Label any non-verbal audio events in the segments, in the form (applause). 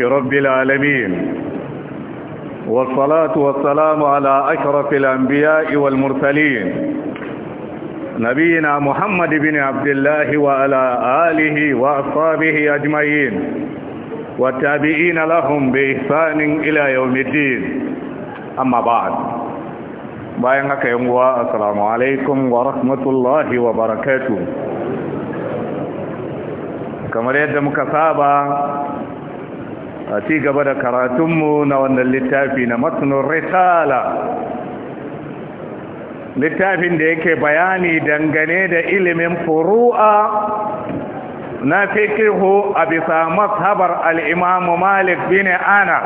رب العالمين والصلاة والسلام على أشرف الأنبياء والمرسلين نبينا محمد بن عبد الله وعلى آله وأصحابه أجمعين والتابعين لهم بإحسان إلى يوم الدين أما بعد بينك يوم السلام عليكم ورحمة الله وبركاته كما يدمك صابا a ci gaba da karatunmu na wannan littafi na matsunan risala littafin da yake bayani dangane da ilimin furu'a na fikihu a bisa mazhabar al'imamu malik bin ana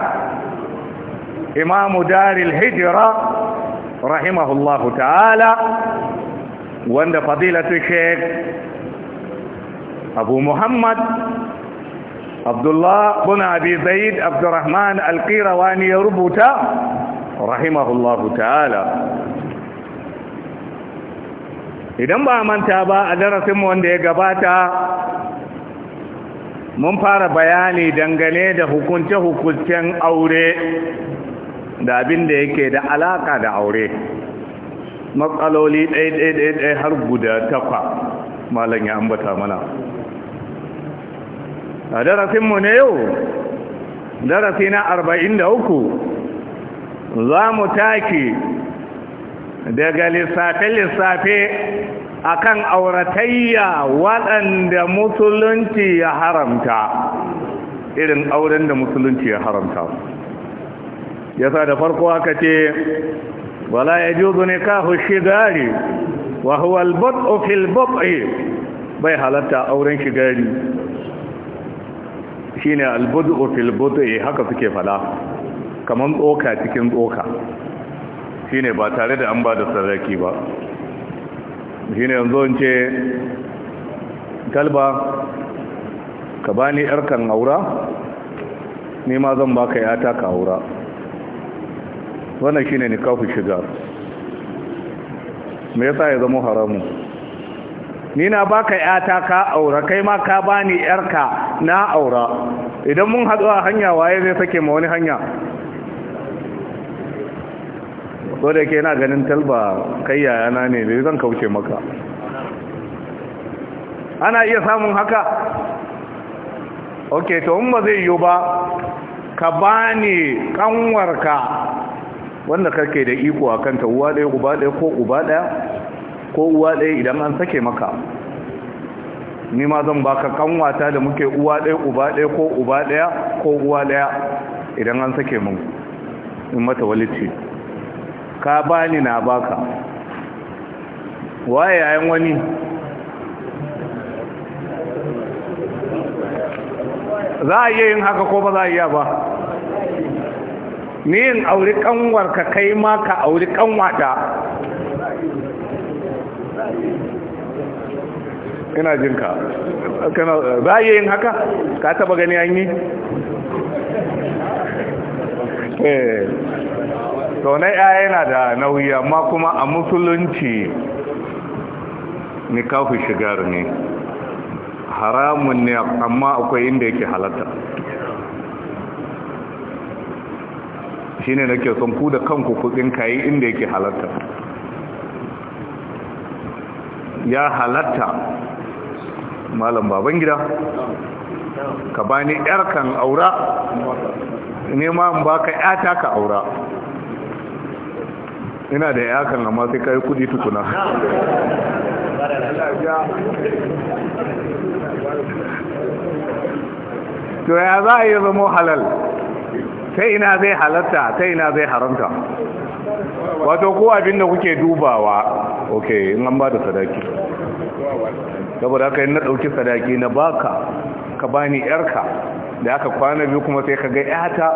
imamu daril hijira rahimahullahu ta'ala wanda fadilatu sheik abu muhammad abdullah bin abi zaid abdurrahman alqirawani ya rubuta rahimahullahu ta'ala idan ba manta ba a darasinmu wanda ya gabata mun fara bayani dangane da hukunce-hukuncen aure da abin da yake da alaka da aure matsaloli ɗaiɗaiɗaiɗai har guda takwa malam ya ambata mana a darasinmu ne yau darasi na arba'in da uku za mu taki daga lissafe-lissafe a kan auratayya waɗanda musulunci ya haramta irin auren da musulunci ya haramta Ya sa da farko aka ce wala ya juzu ne kahu shigari wa huwa albot ofil bai halatta auren shigari shine albudu fil budu haka suke fada kaman tsoka cikin tsoka shine ba tare da an ba da sarraki ba shine yanzu in ce kalba ka bani yarkan aura ni ma zan baka yata ka aura wannan shine kafin shiga me yasa ya zama haramu ni na baka yata ka aura kai ma ka bani yarka na aura idan mun haɗu a hanya waye zai sake ma wani hanya ko da ke na ganin talba kai yayana ne zai zan kauce maka ana iya samun haka ok to in ba zai yiwu ba ka ba ne kanwarka wanda kake da iko a kanta uwa ɗaya uba ɗaya ko uba ɗaya ko uwa ɗaya idan an sake maka ni ma zan baka kanwata da muke uwa ɗaya uba ɗaya ko uba ɗaya ko uwa ɗaya idan an sake mun in mata walici ka bani na baka waye yayin wani za a iya yin haka ko ba za a iya ba ni yin auri kanwarka kai ma ka auri kanwata ina jin ka za a yin haka ka taba gani an yi eh. to na yaya yana da nauyi amma kuma a musulunci nikahu shigar ne haramun ne amma akwai inda yake halatta shi ne nake son ku da kanku kudin kayi inda yake halatta ya halatta malam baban gida ka bani yar kan aura nema in baka yata ka aura ina da kan amma sai kai kudi tukuna to ya za a yi zama halal sai ina zai halatta sai ina zai haramta wato ko abinda kuke dubawa ok in an ba da sadaki saboda haka yin na ɗauki sadaki na baka ka bani yarka da aka kwana biyu kuma sai ka ga yata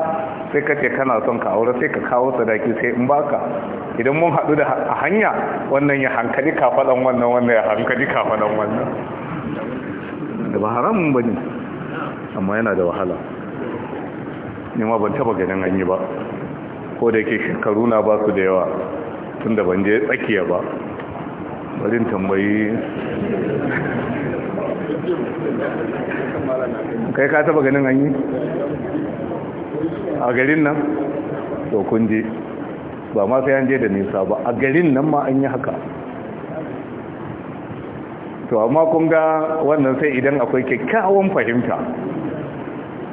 sai ka ce kana son ka aure sai ka kawo sadaki sai in baka idan mun haɗu da a hanya wannan ya hankali kafaɗan wannan wannan ya hankali kafaɗan wannan da ba haramun ba ne amma yana da wahala ne ma ban taba ganin an yi ba ko da yake shekaru na ba su da yawa tun da ban je tsakiya ba barin tambayi kai ka taba ganin hanyi? a garin nan to kun je ba ma sai an je da nisa ba a garin nan ma an yi haka to amma kun ga wannan sai idan akwai kyakkyawan fahimta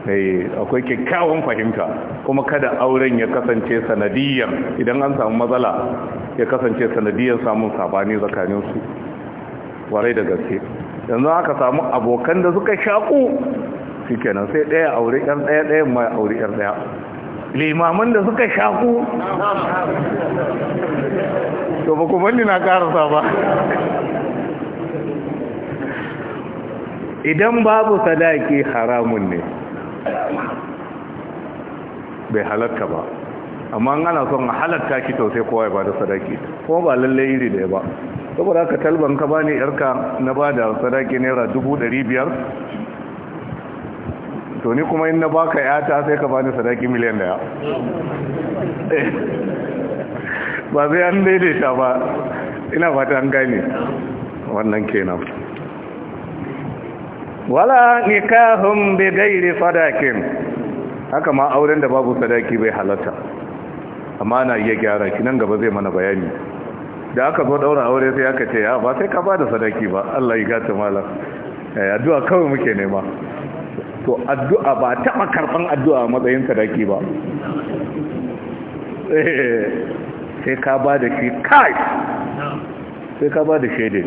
Eh, akwai kyakkyawan fahimta kuma kada auren ya kasance sanadiyar idan an samu matsala ya kasance sanadiyar samun sabani tsakaninsu warai da gaske yanzu aka samu abokan da suka shaku shikenan sai ɗaya aure ɗan ɗaya ɗaya mai aure ɗan ɗaya limaman da suka shaku to ba kuma ni na karasa ba idan babu sadaki haramun ne bai halatta ba amma ana son a halatta ki to sai kowa ya bada sadaki kuma ba lalle iri da ba saboda haka talban ka bani yarka na bada sadaki naira dubu ɗari biyar to ni kuma in na baka yata sai ka bani sadaki miliyan daya (laughs) ba zai an daidaita ba ina fata an gane wannan kenan wala nikahum bi gairi sadaqin haka ma auren da babu sadaki bai halatta amma na iya gyara shi nan gaba zai mana bayani da aka zo daura aure sai aka ce ya ba sai ka bada sadaki ba Allah ya gata eh addu'a kawai muke nema to addu'a ba taɓa makarban addu'a matsayin sadaki ba eh, sai ka bada shi kai sai ka bada shede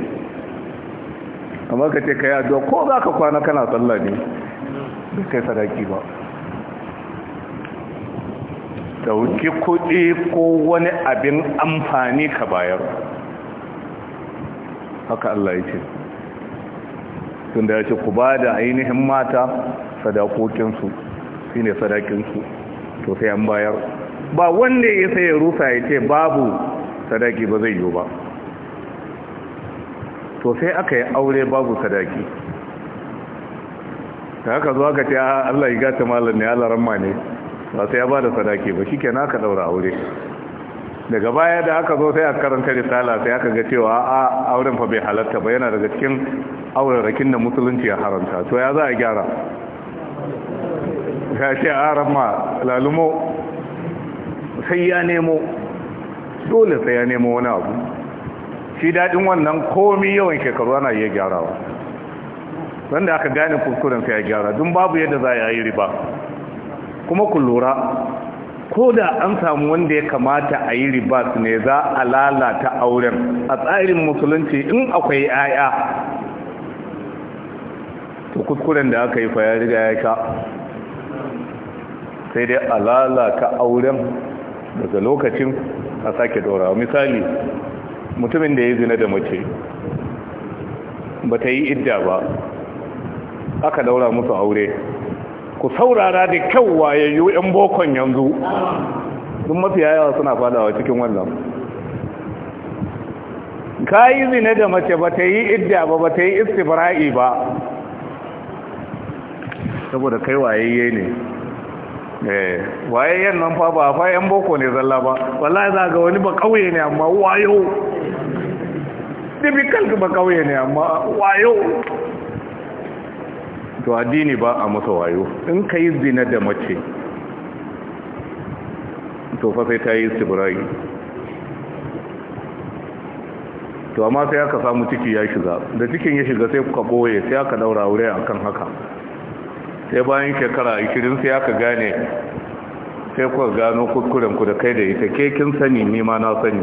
amma ka ce ka yi addu'a ko za ka kwana kana tsalla ne sai kai sadaki ba dauki kuɗi ko wani abin amfani ka bayar haka Allah yake tun da ya ce ku ba da ainihin mata sadakokinsu shi ne sadakinsu to sai an bayar ba wanda ya sai ya rusa ya ce babu sadaki ba zai yi ba to sai aka yi aure babu sadaki ta haka zuwa ka ce Allah ya gata malar ne ya ne ba sai ya ba da sadaki ba shi kenan aka daura aure daga baya da aka zo sai a karanta risala sai aka ga cewa a auren fa bai halatta ba yana daga cikin aurarakin da musulunci ya haramta to ya za a gyara ya ce a rama lalumo sai ya nemo dole sai ya nemo wani abu shi daɗin wannan komi yawan shekaru ana iya gyarawa wanda aka gane kuskuren sai ya gyara dun babu yadda za a yi riba kuma ku lura ko da an samu wanda ya kamata a yi ribas ne za a lalata auren a tsarin musulunci in akwai 'ya'ya to kuskuren da aka yi fa ya riga ya sha sai dai a lalata auren daga lokacin a sake dora misali mutumin da ya zina da mace ba ta yi idda ba aka daura musu aure ku saurara da kyau wayayyu 'yan bokon yanzu sun mafiya yawa suna fadawa cikin wannan ka yi zine da mace ba ta yi idda ba ba ta yi istibra'i ba saboda kai wayayye ne eh, wayayyen nan fa ba fa 'yan boko ne zalla ba wallahi za ga wani ba kauye ne amma wayo difficult ba kauye ne amma wayo to addini ba a masa wayo in ka yi zina da mace to fa sai ta yi tsibirai. to amma sai aka samu ciki ya shiga da cikin ya shiga sai kuka boye sai aka daura wuri akan haka sai bayan shekara 20 sai aka gane sai kuka gano ku da kai da ita ke kin sani ni ma na sani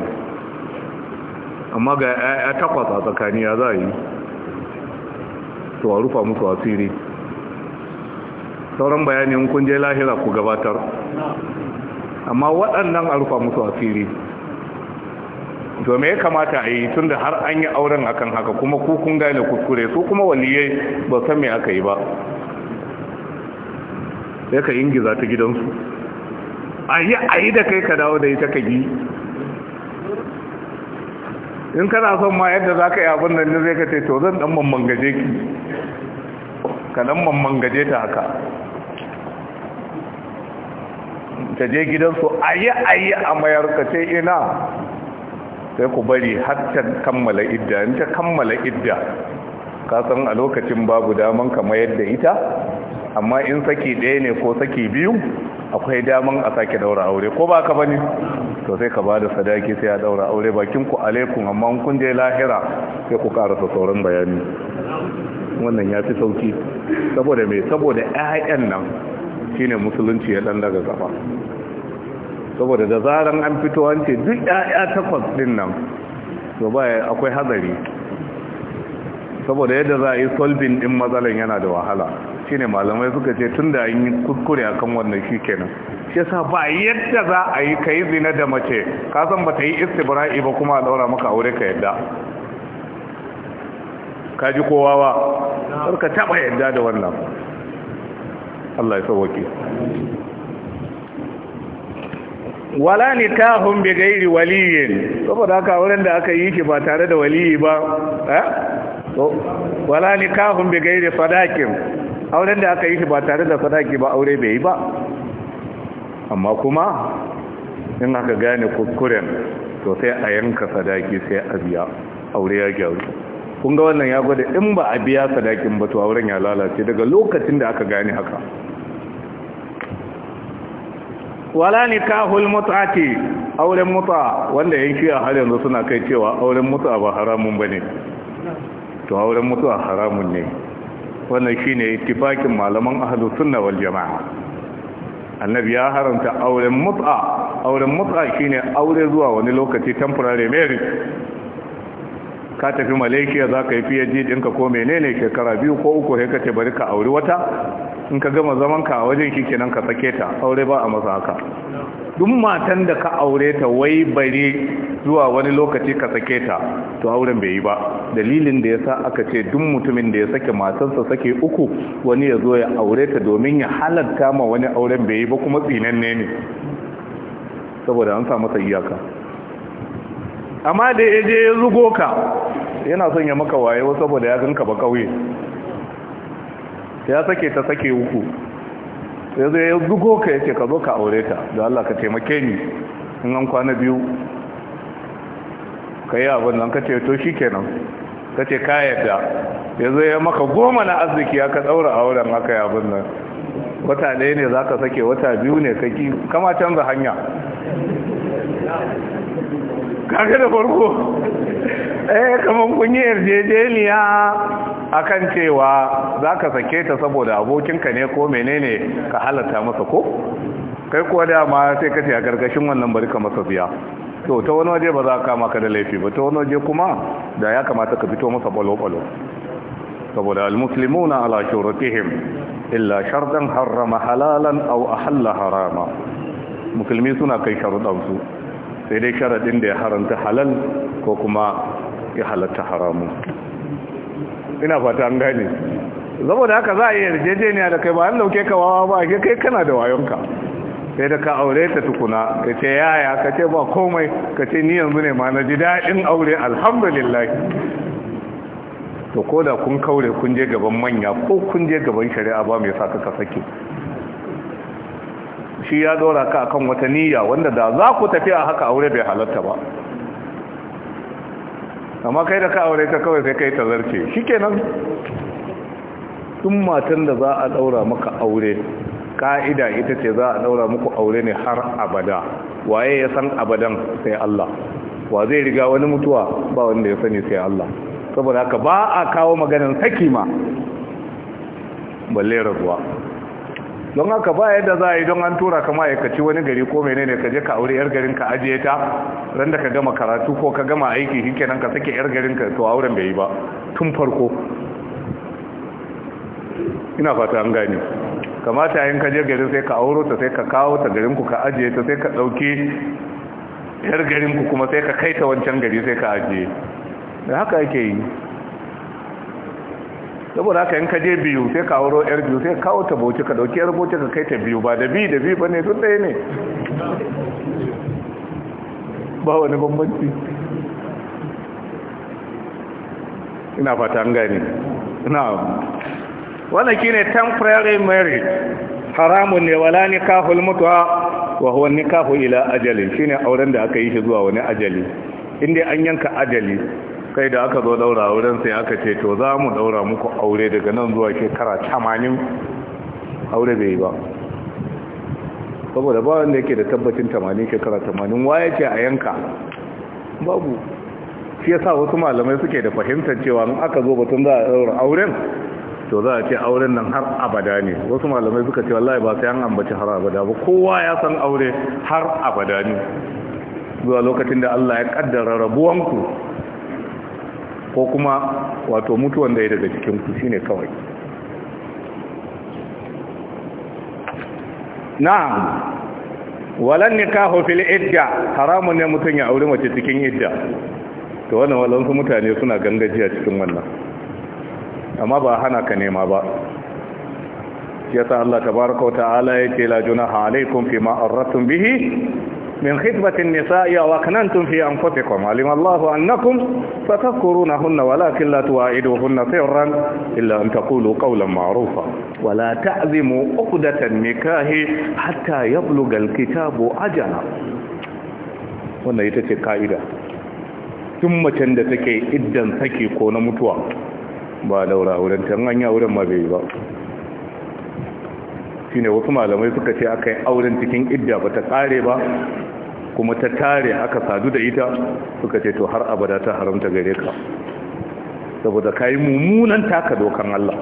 amma ga ya takwasa a tsakani ya za a yi to a rufa musu asiri sauran bayanin kun je lahira ku gabatar amma waɗannan a rufa musu asiri to me ya kamata a yi tun da har an yi auren akan haka kuma kukun kun gane kuskure su kuma waliyai ba san me aka yi ba ya ka ingiza ta gidansu a yi a yi da kai ka dawo da ita ka gi in kana son ma yadda za ka yi abin nan zai ka ce to zan dan mamman gaje ki ka dan mamman gaje ta haka ta je gidansu ayi ayi a mayar ka ce ina sai ku bari har ta kammala idda in ta kammala idda ka san a lokacin babu daman ka mayar da ita amma in saki ɗaya ne ko saki biyu akwai daman a sake ɗaura aure ko ba ka bane to sai ka bada sadaki sai a daura aure bakin ku alaikum amma kun je lahira sai ku karasa sauran bayani wannan ya fi sauki saboda me saboda 'ya'yan nan shine musulunci ya dan daga gaba saboda da zaran an fito an ce duk ƴaƴa takwas din nan to ba akwai hazari saboda yadda za a yi solving din matsalan yana da wahala shine malamai suka ce tunda an yi kuskure akan wannan shikenan shi yasa ba yadda za a yi kai zina da mace ka san bata yi istibra'i ba kuma a daura maka aure ka yadda ka ji kowa ba ka taba yadda da wannan Allah ya sauwake wala nikahun bi gairi waliyin saboda haka wurin da aka yi shi ba tare da waliyi ba eh wala nikahun bi gairi sadakin auren da aka yi shi ba tare da sadaki ba aure bai yi ba amma kuma in aka gane kukuren to sai a yanka sadaki sai a biya aure ya gyaru kun ga wannan ya gwada in ba a biya sadakin ba to auren ya lalace daga lokacin da aka gane haka wala nikahul mut'ati auren mut'a wanda yanki a har yanzu suna kai cewa auren mut'a ba haramun ba ne. to auren mut'a haramun ne wannan shine tifakin malaman ahlus sunna wal jamaa annabi ya haramta auren mut'a auren mut'a shine aure zuwa wani lokaci temporary marriage ka tafi malaysia za ka yi fiye dinka ko menene shekara biyu ko uku sai ka ce bari ka auri wata in ka gama zaman ka wajen shi kenan ka sake ta aure ba a masa haka duk matan da ka aure ta wai bare zuwa wani lokaci ka sake ta to auren bai yi ba dalilin da yasa aka ce duk mutumin da ya sake matarsa sake uku wani ya zo ya aure ta domin ya halatta ma wani auren bai yi ba kuma tsinanne ne saboda an sa masa iyaka amma da ya je ya zugo ka yana son ya maka waye saboda ya ganka ba kauye ya sake ta sake uku ya zai ya zugo ka yake ka zo ka aure ta da Allah ka taimake ni in an kwana biyu ka yi abin nan ka ce to shi kenan ka ce ka yadda ya zai ya maka goma na arziki ya ka daura auren haka yi abin nan wata ɗaya ne za ka sake wata biyu ne ka ki kama canza hanya kaga da farko eh kaman kun yi yarjejeniya akan cewa zaka sake ta saboda abokinka ne ko menene ka halatta masa ko kai kuwa dama sai ka ce gargashin wannan barka masa biya to ta wani waje ba za ka kama ka da laifi ba ta wani waje kuma da ya kamata ka fito masa balo-balo saboda almuslimuna ala shuratihim illa shardan harrama halalan aw ahalla harama musulmi suna kai su. sai dai sharaɗin da ya haramta halal ko kuma ya halatta haramu ina fata an gane saboda haka za a iya yarjejeniya da kai ba an lauke ka wawa ba ke kai kana da wayonka sai da ka aure ta tukuna ka ce yaya ka ce ba komai ka ce ni yanzu ne ma na ji daɗin aure alhamdulillah to ko da kun kaure kun je gaban manya ko kun je gaban shari'a ba mai sa ka sake shi ya dora ka akan wata niyya wanda da za ku tafi a haka aure bai halarta ba amma kai da ka aure ta kawai sai kai ta zarce shikenan tun matan da za a daura maka aure ka'ida ita ce za a daura muku aure ne har abada waye ya san abadan sai Allah wa zai riga wani mutuwa ba wanda ya sani sai Allah saboda haka ba a kawo maganar saki ma balle rabuwa don haka ba yadda za a yi don an tura ka ma'aikaci wani gari ko menene ka je ka aure yar garin ka ajiye ta randa da ka gama karatu ko ka gama aiki shikenan ka sake yar garin ka to auren bai yi ba tun farko ina fata an gane kamata yayin ka je garin sai ka auro ta sai ka kawo ta garin ku ka ajiye ta sai ka dauke yar garin ku kuma sai ka kai ta wancan gari sai ka ajiye da haka ake yi saboda haka yanka je biyu sai ka wuro yar biyu sai kawo ta bauchi ka dauki yar bauchi ka kai ta biyu ba da biyu da biyu ba ne sun ɗaya ne ba wani bambanci ina fata an gani na wannan ne temporary marriage haramun ne wala nikahul mutuwa wa huwa nikahu ila ajali shine auren da aka yi shi zuwa wani ajali inda an yanka ajali kai da aka zo daura wurin sai aka ce to za mu daura muku aure daga nan zuwa shekara tamanin aure bai yi ba saboda ba wanda yake da tabbacin tamanin shekara tamanin waya ce a yanka babu shi sa wasu malamai suke da fahimtar cewa in aka zo batun za a daura auren to za a ce auren nan har abada ne wasu malamai suka ce wallahi ba sai an ambaci har abada ba kowa ya san aure har abada ne zuwa lokacin da Allah ya kaddara rabuwanku ko kuma wato mutuwan da ya daga cikinku shi ne kawai na'am walan nikahu fil idda haramun ne mutum ya aure mace cikin idda to wannan walansu mutane suna gangajiya cikin wannan amma ba hana ka nema ba yasa Allah tabaraka wa ta'ala yake la junaha alaikum fima arratum bihi من خطبة النساء وكننتم في أنفسكم علم الله أنكم ستذكرونهن ولكن لا تواعدوهن سرا إلا أن تقولوا قولا معروفا ولا تعزموا عقدة النكاه حتى يبلغ الكتاب أجلا wannan ita ce ka'ida tun macen da take iddan saki ko na mutuwa ba daura wurin ta hanya wurin ma bai ba shine wasu malamai suka ce aka yi auren cikin idda ba ta tsare ba kuma ta tare aka sadu da ita suka ce to har abada ta haramta gare ka saboda ka yi mummunan taka dokan Allah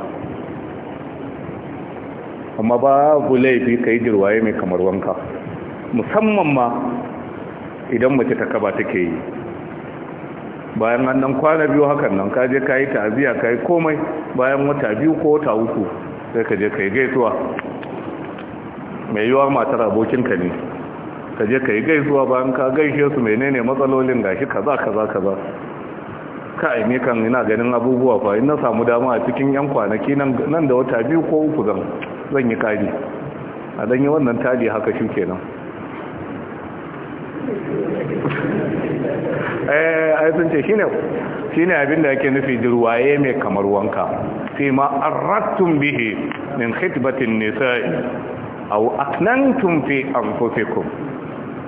amma babu laifi ka yi jirwaye mai kamar wanka musamman ma idan mace ta kaba take yi bayan an kwana biyu hakan nan ka je ka yi ta'aziyya ka yi komai bayan wata biyu ko wata uku sai ka je ka yi gaisuwa mai yiwuwa matar abokinka ne ka je ka yi gaisuwa bayan ka gaishe su menene matsalolin gashi kaza kaza kaza kai ne kan ina ganin abubuwa fa in na samu dama a cikin yan kwanaki nan da wata biyu ko uku zan zan yi kari a dan yi wannan tali haka shi ke eh ai sun ce shine shine abin da yake nufi jirwaye mai kamar wanka fi ma arrattum bihi min khitbatin nisa'i aw aknantum fi anfusikum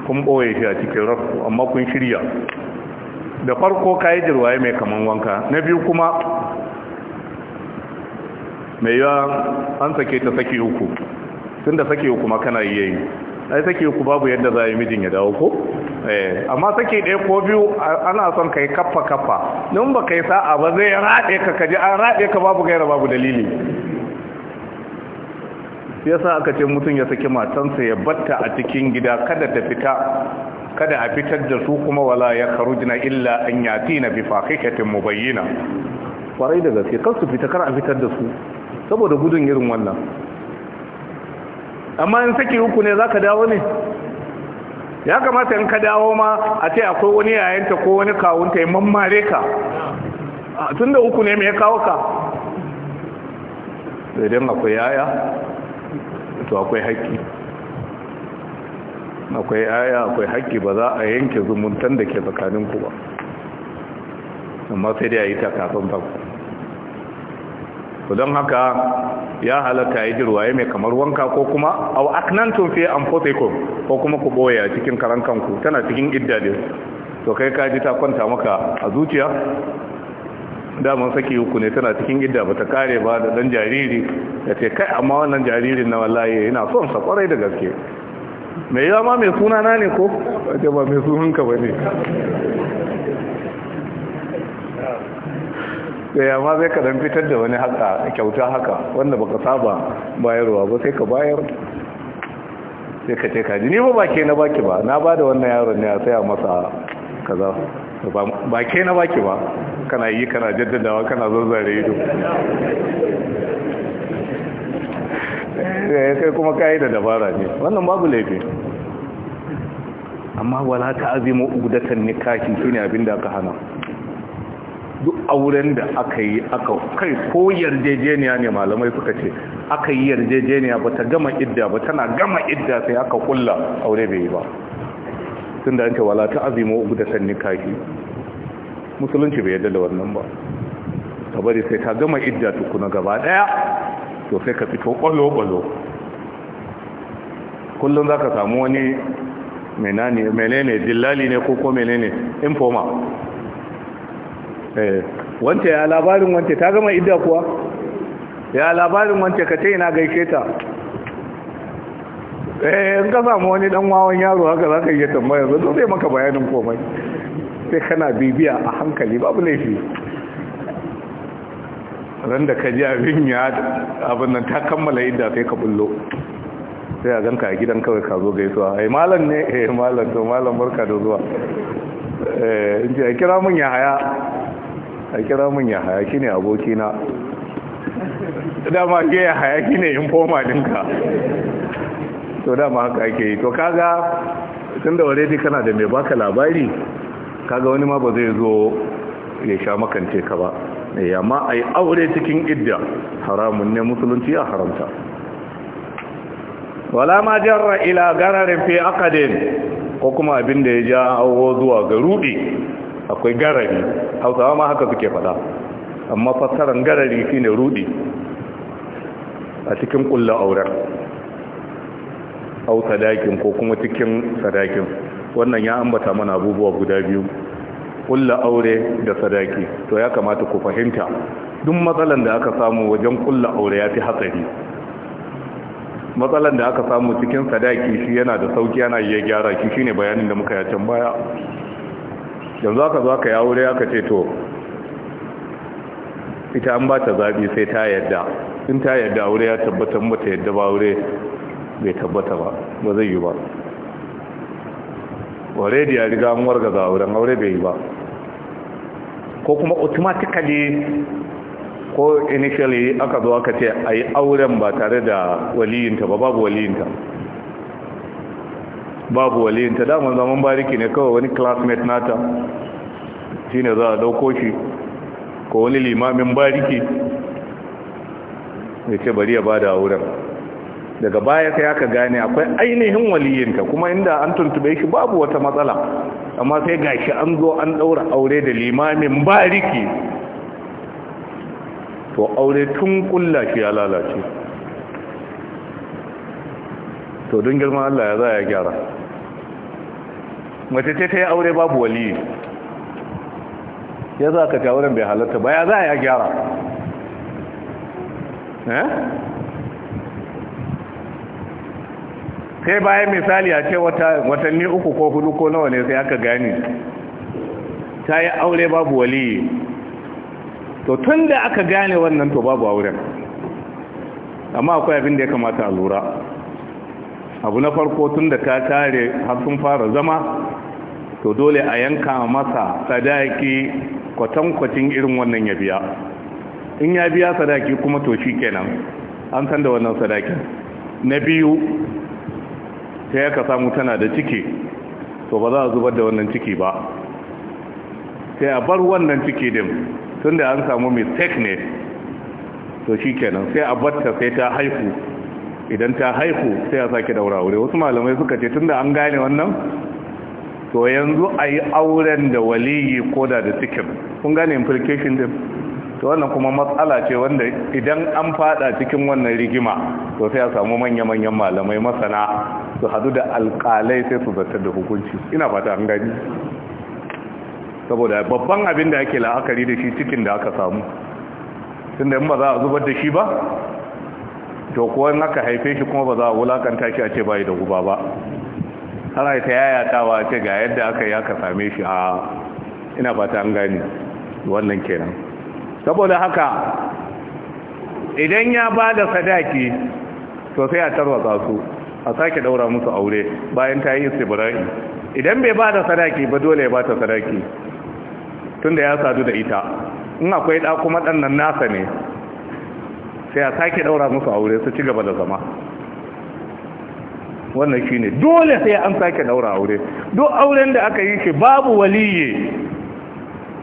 kun ɓoye shi a cikin rafu amma kun shirya da farko ka yi jirwaye mai kaman wanka na biyu kuma mai yawa an sake ta sake uku tun da sake uku makana iya yi ai sake uku babu yadda za a yi mijin ya dawo ko eh, amma sake ɗaya ko biyu ana son ka yi kaffa kaffa nan ba ka yi sa'a ba zai raɗe ka kaji an raɗe ka babu gaira babu dalili sai sa aka ce mutum ya saki matansa ya batta a cikin gida kada ta fita kada a fitar da su kuma wala ya jina illa an yatina bi mu bayyana kwarai da gaske kan su fita kar a fitar da su saboda gudun irin wannan amma in saki uku ne za ka dawo ne ya kamata in ka dawo ma a ce akwai wani yayanta ko wani kawunta ya mammare ka tunda uku ne mai kawo ka idan akwai yaya to akwai haƙƙi akwai aya akwai haƙƙi ba za a yanke zumuntan da ke tsakaninku ba amma sai dai a yi ta takafin ku don haka ya halatta yi jirwaye mai kamar wanka ko kuma a au fiye an anfusikum ko kuma ku boya cikin karankanku tana cikin idda ne to kai ka ta kwanta maka a zuciya daman saki uku ne tana cikin gidda ta kare ba da dan jariri ya ce kai amma wannan jaririn na wallahi yana son sa kwarai da gaske Me ya ma mai suna na ne ko ce ba mai sunanka ba ne ya eh, ma zai ka dan fitar da wani haka kyauta haka wanda baka saba bayarwa ba sai ka bayar sai ka ce ji ni ba ba ke na baki ba na bada wannan yaron ne a saya masa kaza ba ke na baki ba kana yi kana jaddadawa kana zazzare ido eh, kai kuma kayi da dabara ne wannan babu laifi amma wala ta azimo udatan nikahi shine ne abinda aka hana duk auren da aka yi aka kai ko yarjejeniya ne malamai suka ce aka yi yarjejeniya ba ta gama idda ba tana gama idda sai aka kulla aure bai yi ba tun da an ce wala ta azimo udatan nikahi musulunci bai yadda da wannan ba ka bari sai ka gama idda na gaba daya to sai ka fito kwallo-kwallo kullum za ka samu wani menene dillali ne ko ko menene informa eh, wance ya labarin wance ta gama idda kuwa ya labarin wance ka ce ina gaishe ta eh in ka samu wani dan wawan yaro haka za ka iya tambaya zai maka bayanin komai sai kana bibiya a hankali babu laifi ran da ka ji abin ya abin nan ta kammala inda sai ka bullo sai a ganka a gidan kawai ka zo gaisuwa ai eh, malam ne eh malam to malam barka da zuwa eh in ji kira mun ya haya a kira mun ya haya shine aboki na dama ke ya haya shine foma dinka to dama haka ake yi to kaga tunda already kana da mai baka labari kaga wani ma ba zai zo ya sha makance ka ba eh, amma a yi aure cikin idda haramun ne musulunci ya haramta wala ma jarra ila gararin fi akadin ko kuma abin da ya ja awo zuwa ga rudi akwai garari hausawa ma haka suke fada amma fassarar garari shine rudi a cikin kullu auren au sadakin ko kuma cikin sadakin wannan ya ambata mana abubuwa guda biyu kulla aure da sadaki to ya kamata ku fahimta duk matsalan da aka samu wajen kulla aure ya fi hatsari matsalan da aka samu cikin sadaki shi yana da sauki yana iya gyara shi shine bayanin da muka yacin baya yanzu aka zo aka aure aka ce to ita an ba ta zaɓi sai ta yadda in ta yadda aure ya tabbatar mata yadda ba aure bai tabbata ba ba zai yi ba already ya riga an wargaza auren aure bai yi ba ko kuma automatically ko initially aka zo aka ce a yi auren ba tare da waliyinta ba babu waliyinta babu waliyinta damar zaman bariki ne kawai wani classmate nata shi ne za a dauko shi ko wani limamin bariki da ce bari ya ba da auren daga baya sai aka gane akwai ainihin waliyinta kuma inda an tuntube shi babu wata matsala amma sai ga shi an zo an daura aure da limamin bariki to aure tun kulla shi ya lalace to don girma Allah ya za ya gyara mace ce ta yi aure babu waliyi ya za ka ta wurin bai halatta ba ya za ya gyara eh? sai bayan misali a ce watanni uku ko hudu ko nawa ne sai aka gane ta yi aure babu waliyi to tun da aka gane wannan to babu auren amma akwai abin da ya kamata a lura abu na farko tun da ka kare har sun fara zama to dole a yanka masa sadaki kwatankwacin irin wannan ya biya in ya biya sadaki kuma to shi kenan an san da wannan sadakin na biyu sai aka samu tana da ciki to ba za a zubar da wannan ciki ba sai a bar wannan ciki din tun da an samu mai ne to shi kenan sai a batta sai ta haihu idan ta haihu sai a sake daura aure wasu malamai suka ce tun da an gane wannan to yanzu a yi auren da waliyi da da cikin kun gane implication din to wannan kuma matsala ce wanda idan an fada cikin wannan rigima to sai a samu manya-manyan malamai masana su hadu da alkalai sai su zartar da hukunci ina fata an gani saboda babban abin da ake la'akari da shi cikin da aka samu tunda in ba za a zubar da shi ba to kuwa in aka haife shi kuma ba za a wulakanta shi a ce bayi da guba ba ana ta yayatawa ce ga yadda aka yi aka same shi a ina fata an gani wannan kenan saboda haka idan ya ba da sadaki to sai a tarwatsa su a sake daura musu aure bayan ta yi istibra'i idan bai ba da sadaki ba dole ya ba ta sadaki tunda ya sadu da ita in akwai da kuma ɗannan nasa ne sai a sake daura musu aure su ci gaba da zama wannan shi ne dole sai an sake daura aure duk auren da aka yi shi babu waliye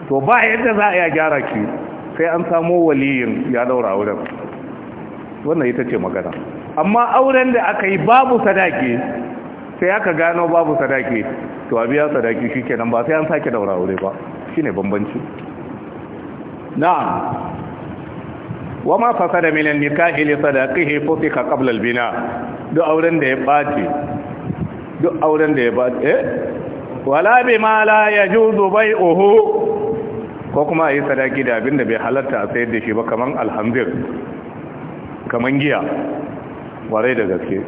to ba yadda za a iya gyara ki sai an samo waliyin ya daura auren wannan ita ce magana amma auren da aka yi babu sadaki sai aka gano babu sadaki to abiya sadaki shi kenan ba sai an sake daura aure ba shi ne bambanci na'am wa ma fasada min al nikahi li sadaqihi fusika qabla al-bina duk auren da ya bace duk auren da ya bace eh? wala bima la yajuzu bai'uhu ko kuma a yi sadaki da abin da bai halatta a sayar da shi ba kamar alhamdul, kamar giya warai da gaske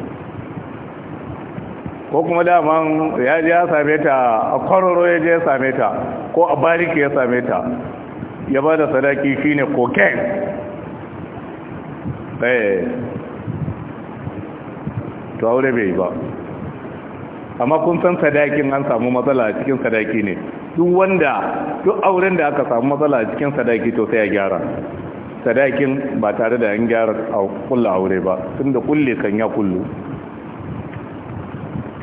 ko kuma daman ya ji ya same ta a kwararo ya ji ya same ta ko a bariki ya same ta ya ba da sadaki shine koken. ɗaya eh. to aure bai ba amma kun san sadakin an samu matsala cikin sadaki ne duk wanda duk auren da aka samu matsala a cikin sadaki to sai ya gyara sadakin ba tare da yan gyara a aure ba tunda kulle kan ya kullu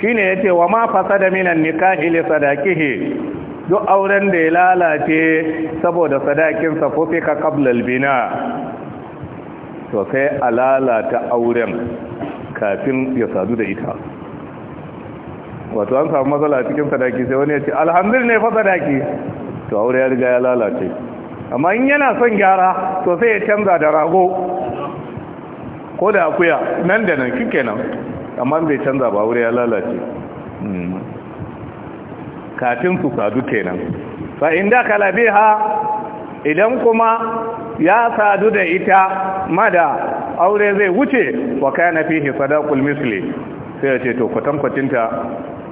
shine yace wa ma da minan nikahi li duk auren da ya lalace saboda sadakin sa ko ka qabla bina to sai a lalata auren kafin ya sadu da ita wato an samu matsala cikin sadaki sai wani ya ce alhamdul ne fa sadaki to aure ya riga ya lalace amma in yana son gyara to sai ya canza da rago ko da akuya nan da nan nan amma bai canza ba aure ya lalace hmm. kafin su sadu kenan fa inda kalabiha idan kuma ya sadu da ita mada aure zai wuce wa kana fihi sadaqul misli sai ya ce to kwatankwacinta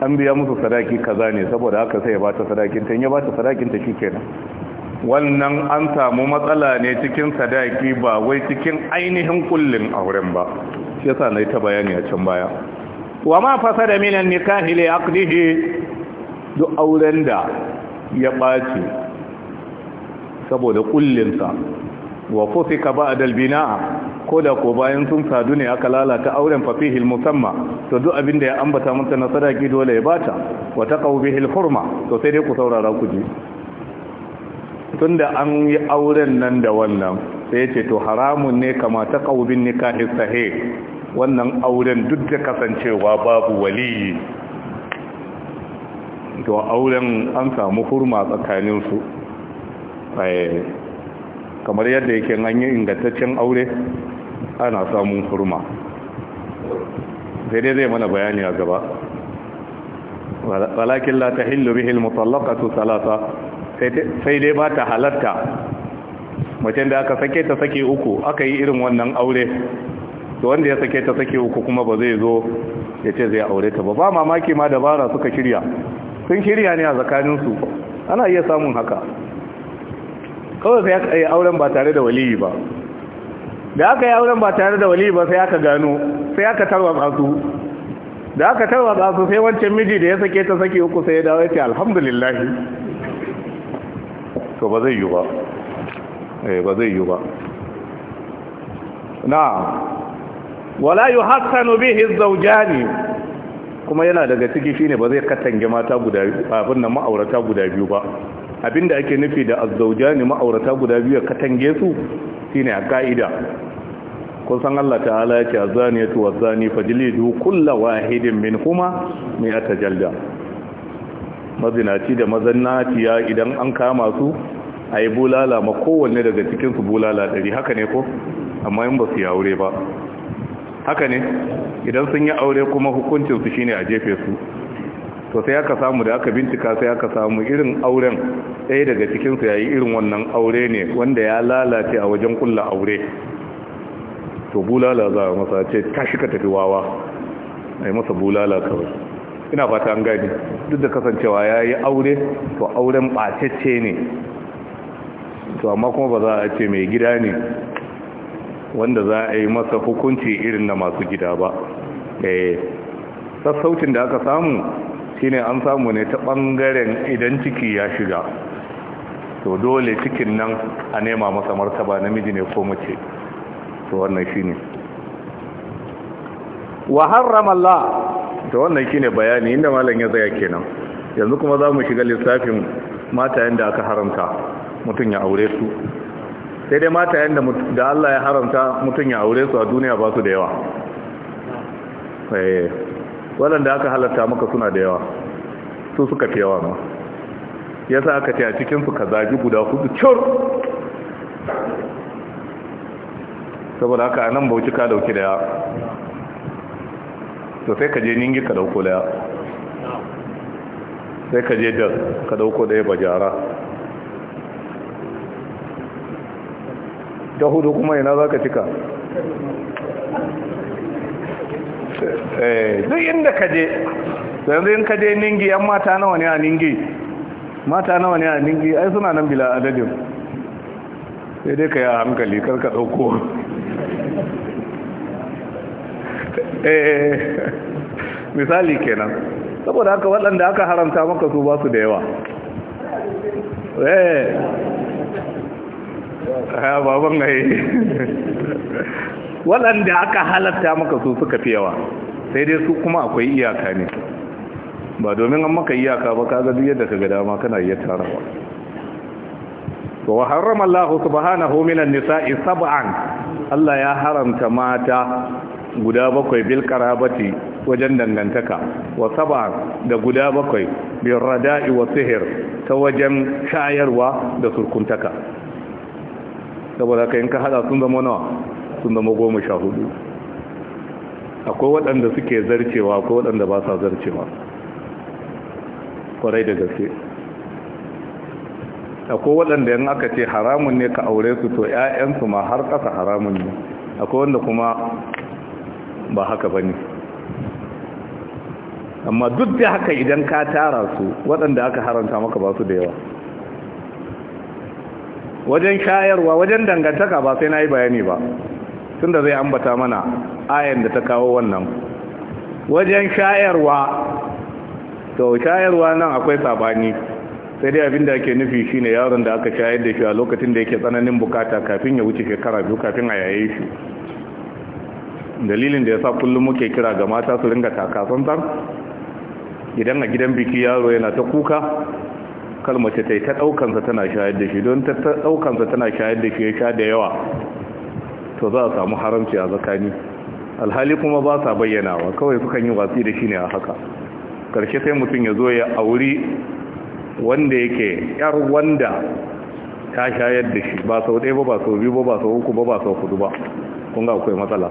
an biya musu sadaki kaza ne saboda haka sai ya ta sadakin ta ya ba ta sadakin ta shikenan wannan an samu matsala ne cikin sadaki ba wai cikin ainihin kullin auren ba shi yasa nayi ta bayani a can baya wa ma fasada min minan nikahi li aqdihi duk auren da ya ɓaci saboda kullin sa wa fusika ba'da al-bina'a ko da ko bayan sun sadu ne aka lalata auren fafihil musamma to duk abin da ya ambata masa na sadaki dole ya bata wa taqaw bihil hurma to sai dai ku saurara ku ji tunda an yi auren nan da wannan sai ya ce to haramun ne kama taqaw bin nikahi sahih wannan auren duk da kasancewa babu waliyi to auren an samu hurma tsakaninsu eh, kamar yadda yake an yi ingantaccen aure ana samun kurma sai dai zai mana bayani a gaba walakin la tahillu bihi al-mutallaqatu salasa sai dai ba ta halatta Mace da aka sake ta sake uku aka yi irin wannan aure to wanda ya sake ta sake uku kuma ba zai zo ya ce zai aure ta ba ba mamaki ma dabara suka shirya sun shirya ne a tsakaninsu ana iya samun haka kawai sai ya auren ba tare da waliyi ba da aka yi auren ba tare da wali ba sai aka gano sai aka tarwatsa su da aka tarwatsa su sai wancan miji da ya sake ta sake uku sai ya dawo ya ce alhamdulillah to ba zai yi ba eh ba zai yi ba na wala yuhassanu bihi zawjani kuma yana daga ciki shine ba zai katange mata guda abin nan ma'aurata guda biyu ba abinda ake nufi da azzawjani ma'aurata guda biyu katange su shine a ka'ida kusan Allah ta'ala ya ce azaniyatu wazani fajlidu min, wahidin minhuma mai atajalda mazinaci da ya idan an kama su a yi bulala ma kowanne daga cikinsu bulala ɗari, haka ne ko amma in ba su yi aure ba haka ne idan sun yi aure kuma hukuncinsu shi shine a jefe su to sai aka samu da aka bincika sai aka samu irin auren ɗaya daga cikinsu ya yi irin wannan aure ne wanda ya lalace a wajen kulla aure to bulala za a masa ce ta shika tafi wawa a yi masa bulala kawai ina fata an gani duk da kasancewa ya yi aure to auren ɓacece ne to amma kuma ba za a ce mai gida ne wanda za a yi masa hukunci irin na masu gida ba eh, sassaucin da aka samu shine an samu ne ta ɓangaren idan ciki ya shiga to dole cikin nan a nema masa martaba namiji ne ko mace to wannan shine wa harrama Allah to wannan shine bayani inda malam ya tsaya kenan yanzu kuma za mu shiga lissafin matayen da aka haramta mutum ya aure su sai dai matayen da Allah ya haramta mutum ya aure su a duniya ba su da yawa eh. waɗanda aka halatta maka suna da yawa su suka fi yawa ma ya sa aka ce a cikinsu ka zaji guda hudu cur saboda haka nan bauchi ka dauki daya to sai ka je ningi ka dauko daya sai ka je da ka dauko yawa bajara ta hudu kuma ina za ka cika Eh, duk inda ka je yanzu in ka je ningi yan mata nawa ne a ningi mata nawa ne a ningi ai suna nan bila adadin sai dai ka yi a hankali kar ka ɗauko (laughs) eh, misali kenan saboda haka waɗanda aka haramta maka su ba su da yawa eh ah, baban ai (laughs) waɗanda aka halatta maka su suka fi yawa sai dai su kuma akwai iyaka ne ba domin an maka iyaka ba ka gaji yadda ka ga ma kana iya tarawa wa harrama Allah subhanahu minan nisa'i sab'an Allah ya haramta mata guda bakwai bil qarabati wajen dangantaka wa sab'an da guda bakwai bil rada'i wa sihir ta wajen shayarwa da surkuntaka saboda kai in ka hada sun zama nawa sun zama goma sha hudu akwai waɗanda suke zarcewa akwai waɗanda ba sa zarcewa kwarai da gaske akwai waɗanda yan aka ce haramun ne ka aure su to 'ya'yansu ma har ƙasa haramun ne akwai wanda kuma ba haka ba ne amma duk da haka idan ka tara su waɗanda aka haranta maka ba su da yawa wajen shayarwa wajen dangantaka ba sai na yi bayani ba da zai ambata mana ayan da ta kawo wannan wajen shayarwa to shayarwa nan akwai sabani sai dai abin da ake nufi shine yaron da aka shayar da shi a lokacin da yake tsananin bukata kafin ya wuce shekara biyu kafin a yaye shi dalilin da yasa sa kullum muke kira ga mata su ringa takasantar idan a gidan biki yaro yana ta kuka kalmace ta yi ta daukansa tana shayar da shi don ta daukansa tana shayar da shi ya sha da yawa to za a samu haramci a zakani alhali kuma ba sa bayyanawa kawai sukan yi watsi da shi ne a haka Ƙarshe sai mutum ya zo ya auri wanda yake yar wanda ta shayar da shi ba sau ɗaya ba ba sau biyu ba ba sau uku ba ba sau hudu ba kun ga akwai matsala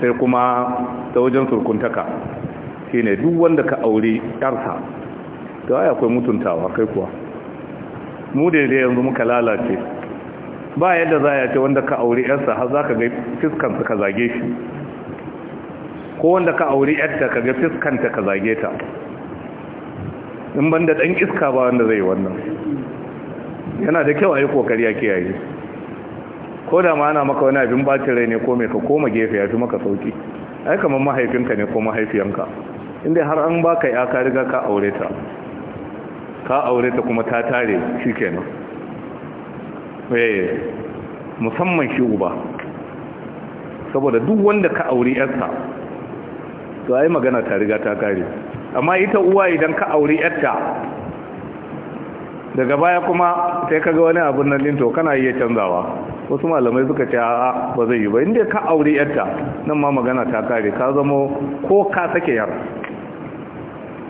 sai kuma ta wajen surkuntaka shi ne duk wanda ka auri yarsa ta akwai mutuntawa kai kuwa mu da yanzu muka lalace ba yadda za a ce wanda ka aure yarsa har za ka ga fiskanta ka zage shi ko wanda ka aure yarta ka ga fiskanta ka zage ta in ban da ɗan iska ba wanda zai wannan yana da kyau a yi ƙoƙari a kiyaye ko da ma ana maka wani abin bacin rai ne ko mai ka koma gefe ya fi maka sauki ai kamar mahaifinka ne ko mahaifiyanka inda har an baka ya ka riga ka aure ta ka aure ta kuma ta tare shi kenan Eh, musamman shi uba saboda duk wanda ka auri yarsa to ai magana ta riga ta kare amma ita uwa idan ka auri yarta daga baya kuma sai ka ga wani abun nan din to kana iya canzawa wasu malamai suka ce a'a ba zai yi ba inda ka auri yarta nan ma magana ta kare ka zamo ko ka sake yar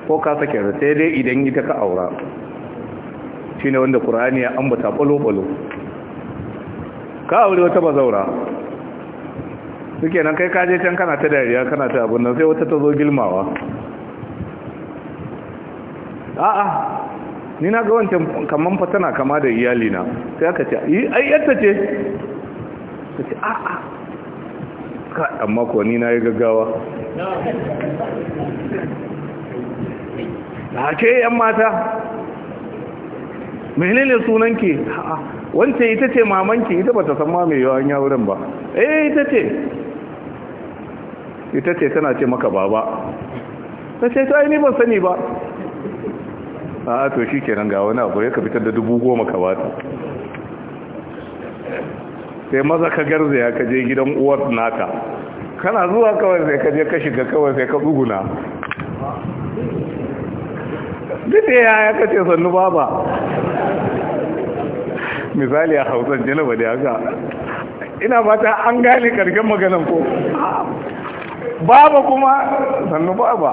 ko ka sake yar sai dai idan ita ka aura shine wanda qur'ani ya ambata balo balo ka aure wata bazaura suke nan kai kaje can kana ta dariya kana ta abin nan sai wata ta zo gilmawa a'a ni na ga wancan kaman fa tana kama da iyalina sai aka ce ai yadda ce ta ce a'a ka amma ko ni na yi gaggawa Na ke yan mata menene sunanki a'a wance ita ce mamanki ita ba ta san ma mai ya wurin ba eh ita ce ita ce tana ce maka baba ta ce ta ni ban sani ba a to shi nan, ga wani abu ya ka fitar da dubu goma ka bata sai maza ka garza ya kaje gidan uwar naka kana zuwa kawai sai ka je ka shiga kawai sai ka tsuguna duk da yaya ka ce sannu baba misali a hausar jalaba da haka ina fata an gane karshen maganan ko baba kuma sannu baba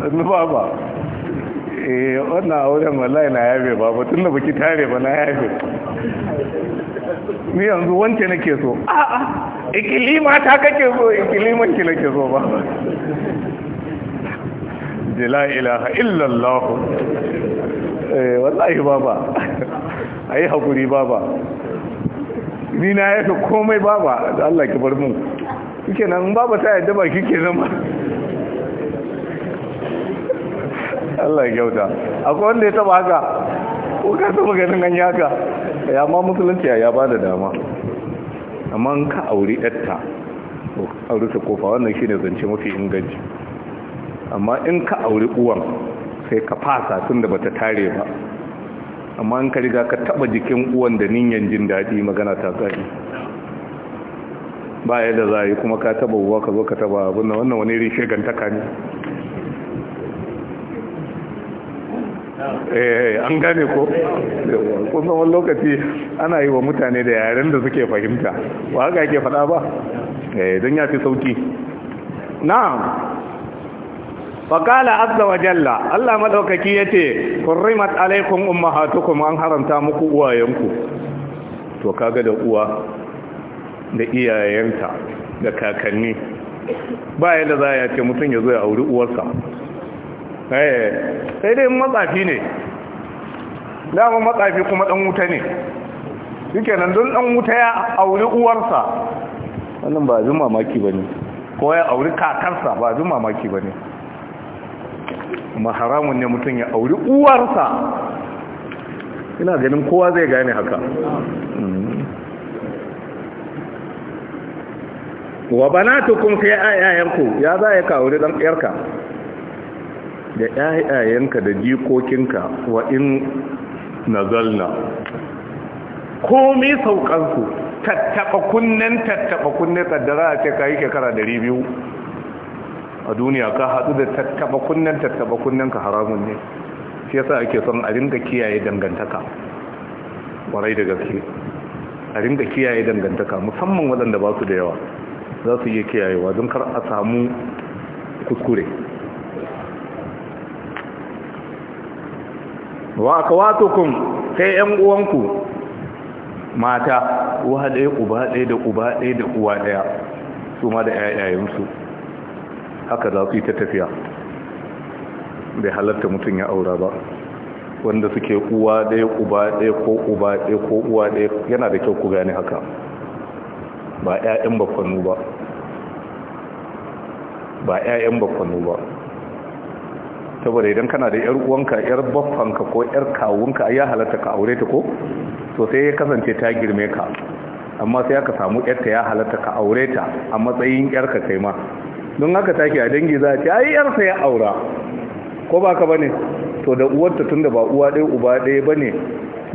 sannu baba eh wannan auren wallahi na yabe baba tun da baki tare ba na yabe ni yanzu wance nake so a ikilima ta kake so ikiliman ki nake so ba la ilaha illallah eh, wallahi baba a yi haƙuri baba ni na ya yafe komai baba da Allah ki bar mun kike nan baba ta yadda ba kike nan ba Allah ya kyauta akwai wanda ya taba haka ko ka taba ganin an yi haka ya ma musulunci ya ba da dama amma ka auri ɗatta a ta kofa wannan shine zance mafi inganci amma in ka auri uwan sai ka fasa tun da bata tare ba amma an ka riga ka taba jikin uwan da niyan jin daɗi magana ta tsari ba yadda za a yi kuma ka taba uwa ka zo ka taba abin da wannan wani irin shegantaka ne eh, an gane ko kusan wani lokaci ana yi wa mutane da yaren da suke fahimta ba haka yake faɗa ba eh, don ya fi sauki na'am faƙala عز وجل الله Allah maɗaukaki ya ce hurrimat alaikum ummahatukum an haramta muku uwayenku to kaga da uwa da iyayenta da kakanni ba yadda za ya ce mutum ya zo ya auri uwarsa eh, sai dai matsafi ne matsafi kuma ɗan wuta ne nan don ɗan wuta ya auri uwarsa wannan ba zin mamaki ba ko ya auri kakarsa ba zin mamaki ba kuma haramun ne mutum ya auri uwarsa ina ganin kowa zai gane haka mm. wa kun sai ayayanku ya za ya kawo dan yarka da ayayanka da jikokinka wa in nazalna komai saukansu tattaba kunnen tattaba kunne kaddara a ce yi shekara 200 a duniya ka haɗu da tattaba kunnen tattaba kunnen ka haramun ne shi yasa ake son a ringa kiyaye dangantaka warai da gaske a ringa kiyaye dangantaka musamman waɗanda ba su da yawa za su iya kiyayewa don kar a samu kuskure wa kun sai yan uwanku mata uwa ɗaya uba ɗaya da uba ɗaya da uwa ɗaya su ma da ƴaƴayensu haka za su yi ta tafiya bai halatta mutum ya aura ba wanda suke uwa ɗaya uba ɗaya ko uba ɗaya ko uwa ɗaya yana da kyau ku gane haka ba 'ya'yan bakwanu ba ba 'ya'yan bakwanu ba saboda idan kana da 'yar uwanka 'yar baffanka ko 'yar kawunka ya halatta ka aure ta ko to sai ya kasance ta girme ka amma sai aka samu 'yarta ya halatta ka aure ta a matsayin 'yarka kai ma don haka take a dangi za a ce ai yarsa ya aura ko ba ka bane to da uwarta tunda ba uwa ɗaya uba ɗaya bane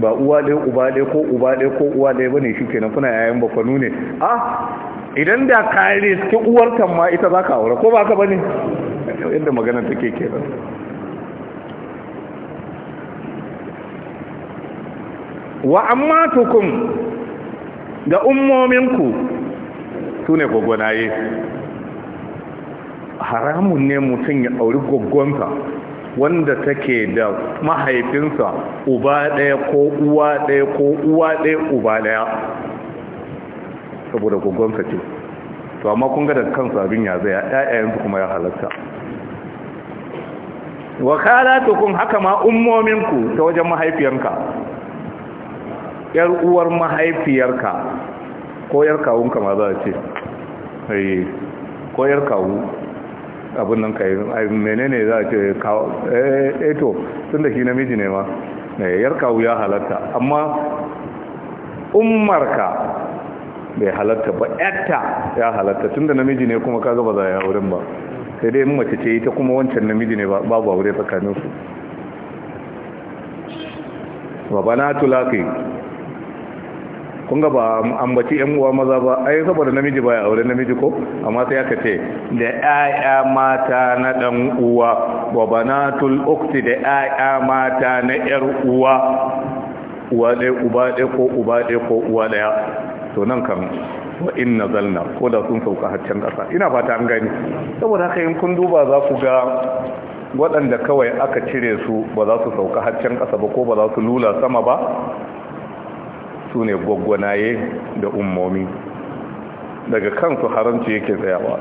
ba uwa ɗaya uba ɗaya ko uba ɗaya ko uwa ɗaya bane shikenan kuna ba bakwanu ne ah idan da ka suke uwarta ma ita za ka aura ko ba ka bane yadda magana take kenan wa amma tukun, da ummominku su ne gwagwanaye haramun ne mutum ya ɗauri gwaggonsa wanda take da mahaifinsa uba ɗaya ko uwa ɗaya ko uwa ɗaya uba ɗaya saboda gwaggonsa ce to amma kun ga da kansa abin ya zaya su kuma ya halatta kun haka ma ummominku ta wajen mahaifiyarka yar uwar mahaifiyarka ko yar kawunka ma za a ce ko yar kawu abin nan kai menene za a ce kawo eh, eh to tun da shi namiji ne ma eh, yar kawo ya halatta amma ummarka bai halatta ba yatta ya halatta tun da namiji ne kuma kaga ba za a yi ba sai dai mace ce ita kuma wancan namiji ne ba babu aure tsakaninsu wa banatu laqi kun ga ba ambaci yan uwa maza ba ai saboda namiji baya aure namiji ko amma sai aka ce da 'ya'ya mata na dan uwa wa banatul ukti da ayya mata na 'yar uwa uwa ɗaya uba dai ko uba dai ko uwa ɗaya to nan kan wa in nazalna ko da sun sauka haccen ƙasa ina fata an gani saboda haka in kun duba za ku ga waɗanda kawai aka cire su ba za su sauka haccen ƙasa ba ko ba za su lula sama ba su ne gwaggwanaye da ummomi daga kansu haramci yake tsayawa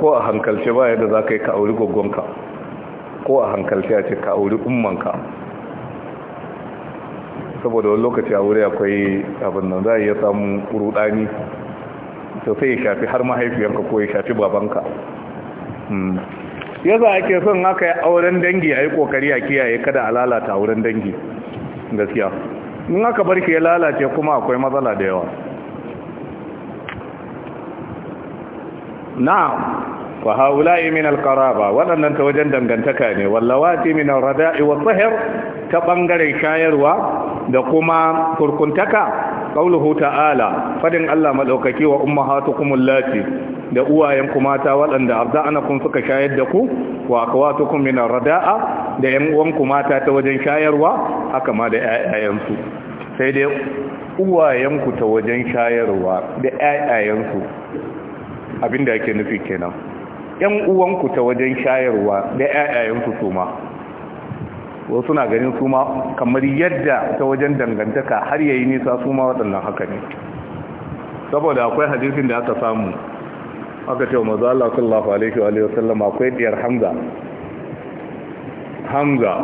ko a hankalce ba yadda za ka yi ka auri ko a hankalce a ce ka auri ummanka saboda wani lokaci a wuri akwai abin nan za a iya samun rudani to sai ya shafi har mahaifiyarka ko ya shafi babanka hmm. ya za a ke son haka ya auren dangi a yi kokari a kiyaye kada a lalata auren dangi gaskiya in aka bar ki ya lalace kuma akwai matsala da yawa na'am wa haula'i min alqaraba wadannan ta wajen dangantaka ne wallawati min arda'i wa sahir ta bangaren shayarwa da kuma kurkuntaka qauluhu ta'ala fadin Allah madaukaki wa ummahatukum allati da uwayenku mata waɗanda abda'anakum suka shayar da ku wa akwatukum min arda'a da yan uwanku mata ta wajen shayarwa haka ma da ƴaƴayensu sai dai uwayenku ta wajen shayarwa da ƴaƴayensu abinda yake nufi kenan yan uwanku ta wajen shayarwa da ƴaƴayensu su wasu na ganin su ma kamar yadda ta wajen dangantaka har yayi nisa su ma waɗannan haka ne saboda akwai hadisin da aka samu aka ce wa maza Allah sallallahu alaihi wa sallam akwai diyar Hamza Hamza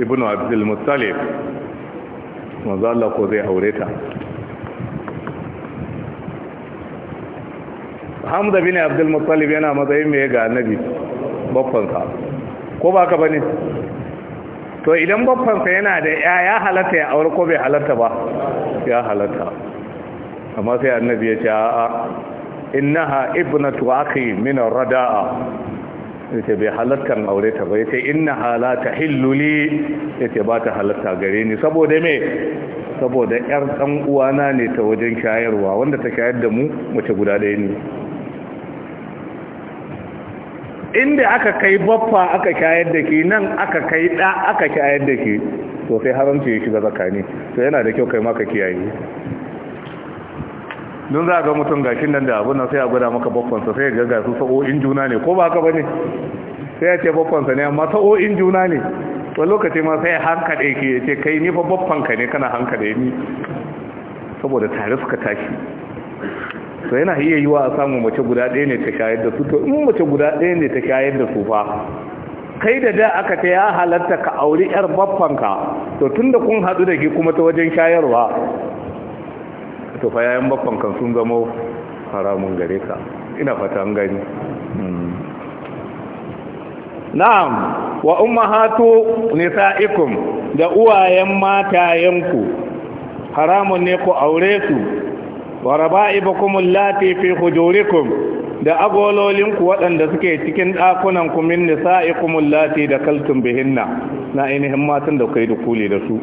ibn Abdul Muttalib maza Allah ko zai aure ta Hamza bin Abdul Muttalib yana matsayin mai ga annabi bakwansa ko ba ka bane to idan baffansa yana da ya ya halatta ya aure ko bai halatta ba ya halatta amma sai annabi ya ce a'a innaha ibnatu akhi min ar-rada'a yace bai halatta aure ta ba yace innaha la tahillu li yace ba ta halatta gare ni saboda me saboda yar dan uwana ne ta wajen shayarwa wanda ta shayar da mu mace guda ɗaya ne inda aka kai baffa aka shayar da ke nan aka kai ɗa aka shayar da ke to sai haramci ya shiga tsakani to yana da kyau kai maka kiyaye don za a ga mutum gashin nan da abin na sai a gwada maka baffansa sai ga gasu sa'o'in juna ne ko ba haka ba ne sai ya ce baffansa ne amma sa'o'in juna ne wani lokaci ma sai hankaɗe ke ya ce kai ni fa baffanka ne kana hankaɗe ni saboda tare suka tashi to yana iya yiwa a samu mace guda ɗaya ne ta shayar da su to in mace guda ɗaya ne ta shayar da su fa kai da da aka ta ya halatta ka auri yar baffanka to tun da kun haɗu da ke kuma ta wajen shayarwa to fa yayan baffankan sun zama haramun gare ka ina fata an gani hmm. na'am wa ummahatu nisa'ikum da uwayen matayenku haramun ne ku aure su wa raba'ibukum allati fi hujurikum da agololinku waɗanda suke cikin ɗakunan ku min nisa'ikum allati da kaltum bihinna na ainihin matan da kai da kule da su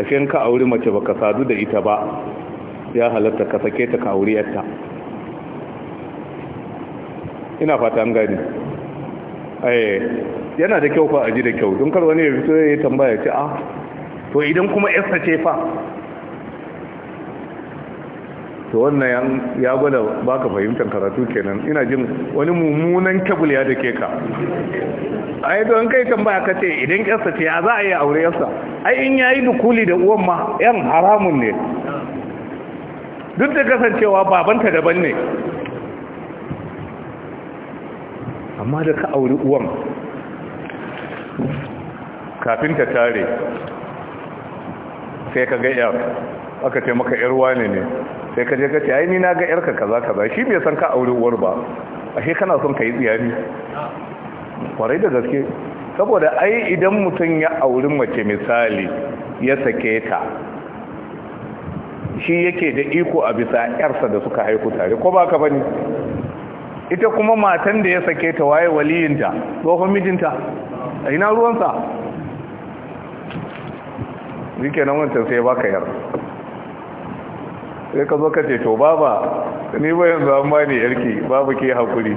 ashen ka aure mace baka sadu da ita ba ya halatta ka sake ta ka aure yarta ina fata an gani eh yana da kyau fa aji da kyau don kar wani ya fito ya tambaya ce ah to idan kuma yarsa ce fa to wannan ya gwada baka fahimtar karatu kenan ina jin wani mummunan kebul ya dake ka ai don kai kan ba ka ce idan yarsa ce ya za a yi aure yarsa ai in yayi dukuli da uwan ma yan haramun ne duk da kasancewa babanta daban ne amma da ka auri uwan kafin ta tare sai ka ga yar aka ce maka yar wane ne sai ka je ka ce ai ni na ga yarka kaza kaza shi bai san ka aure uwar ba ashe kana son ka yi tsiyari kwarai da gaske saboda ai idan mutum ya auri mace misali ya sake ta shi yake da iko a bisa yarsa da suka haihu tare ko ba bane ita kuma matan da ya sake ta waye waliyinta tsohon mijinta a ina ruwansa shi kenan wancan sai baka yarda sai ka zo ka ce to baba ni ba yanzu an ba ni yarki babu ke hakuri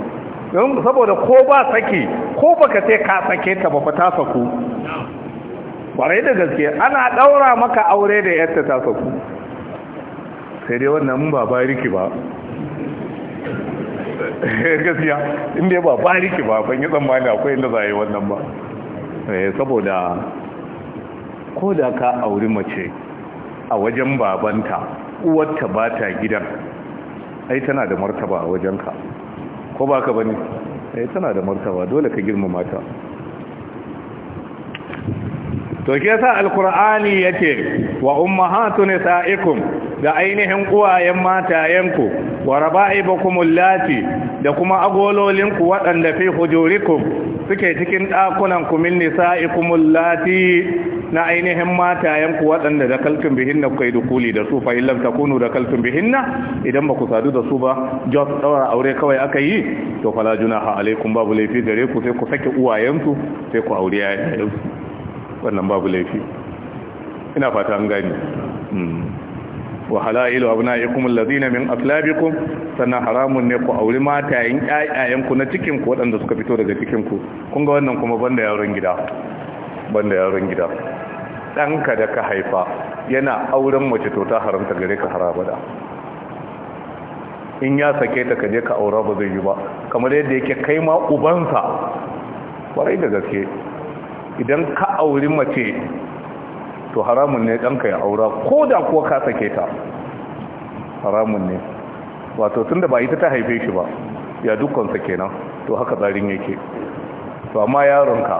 don saboda ko ba sake ko baka ce ka sake ta ba fa ta saku kwarai da gaske ana daura maka aure da yadda ta saku sai dai wannan ba bariki ba (laughs) gaskiya inda ba bariki ba ban yi tsammani akwai inda za a yi wannan ba eh, saboda ko da ka auri mace a wajen babanta uwarta ba ta gidan ai tana da martaba a wajenka ko ba ka bane ai eh, tana da martaba dole ka girmama ta to ke sa alkur'ani yake wa ummahatun nisaikum ga ainihin uwayen matayenku wa bakumul lati da kuma agololinku waɗanda fi hujurikum suke cikin ɗakunan min nisa'ikumul lati na ainihin matayenku waɗanda da kalkin bihinna ku yi dukuli da su fa illam takunu da kalkin bihinna idan ba ku sadu da su ba just ɗaura aure kawai aka yi to fala ha alaikum babu laifi gare ku sai ku sake uwayensu sai ku aure yi wannan babu laifi ina fata an gani hmm. wa halailu abnaikum alladhina min aslabikum Sana haramun ne ku auri matayen ƴaƴayen ku na cikin ku waɗanda suka fito daga cikin ku kun ga wannan kuma banda yaron gida banda yaron gida ka da ka haifa yana auren mace to ta haramta gare ka haraba da. in ya sake ta kaje ka aura ba zai yi ba kamar yadda yake kai ma ubansa kwarai da gaske idan ka auri mace to haramun ne ɗanka ya aura ko da kuwa ka sake ta haramun ne wato tun da ba ita ta haife shi ba ya dukkansa kenan to haka tsarin yake to amma yaronka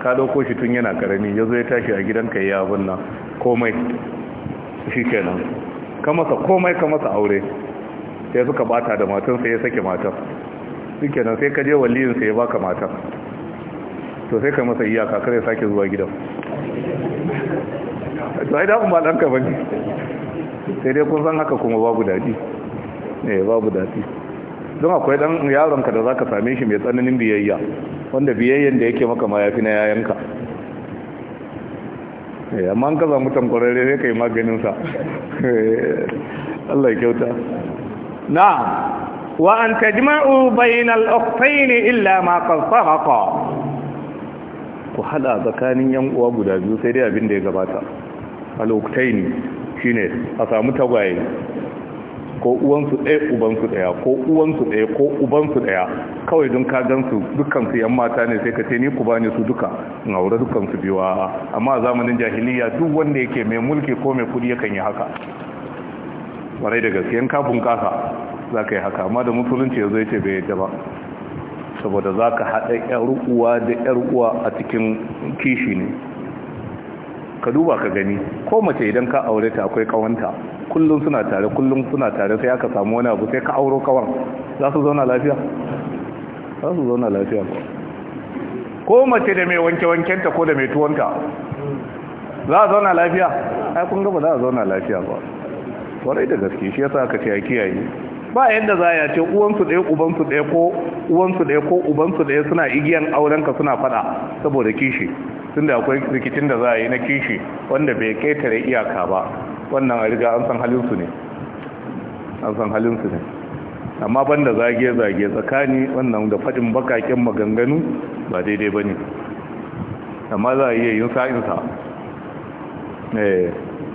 ka ɗauko shi tun yana ƙarami, ya zo ya tashi a gidanka ya abin nan komai shi kenan ka komai ka masa aure sai suka bata da matansa ya sake matan shi kenan sai ka je waliyinsa ya baka matan to sai ka masa iyaka kare sake zuwa gidan to ai kuma ba d'an ba ne sai dai kun san haka kuma babu dadi, eh babu dadi. don akwai ɗan yaronka da za ka same shi mai tsananin biyayya wanda biyayyan da yake maka ma ya fi na yayanka eh, amma an kaza mutan kwararre sai kai maganin maganinsa eh, Allah ya kyauta na wa an tajma'u bainal ukhtaini illa ma qad sahaqa ku hada tsakanin yan uwa guda biyu sai dai abin da ya gabata shi ne a samu tagwaye ko uwansu ɗaya ubansu ɗaya ko uwansu ɗaya ko ubansu ɗaya kawai don ka gansu dukansu yan mata ne sai ka ce ni ku bani su duka in aure dukansu biyu amma a zamanin jahiliya duk wanda yake mai mulki ko mai kudi yakan yi haka warai da gaske yan ka bunƙasa za ka yi haka amma da musulunci ya zai ce bai yadda ba saboda za ka haɗa 'yar uwa da 'yar uwa a cikin kishi ne ka duba ka gani ko mace idan ka aure ta akwai kawanta kullum suna tare kullum suna tare sai aka samu wani abu sai ka auro kawan za su zauna lafiya za su zauna lafiya ko mace da mai wanke wanken ta ko da mai tuwonta za a zauna lafiya ai kun gaba za a zauna lafiya ba warai da gaske shi yasa aka ce a kiyaye ba yadda za ya ce uwan uwansu ɗaya su ɗaya ko uwan su ɗaya ko uban su ɗaya suna igiyan aurenka suna fada saboda kishi tunda akwai rikicin da za a yi na kishi wanda bai ketare iyaka ba wannan a riga an san halinsu ne an san halinsu ne amma banda zage-zage tsakani wannan da faɗin bakaken maganganu ba daidai ba ne amma za a iya yin sa'insa sai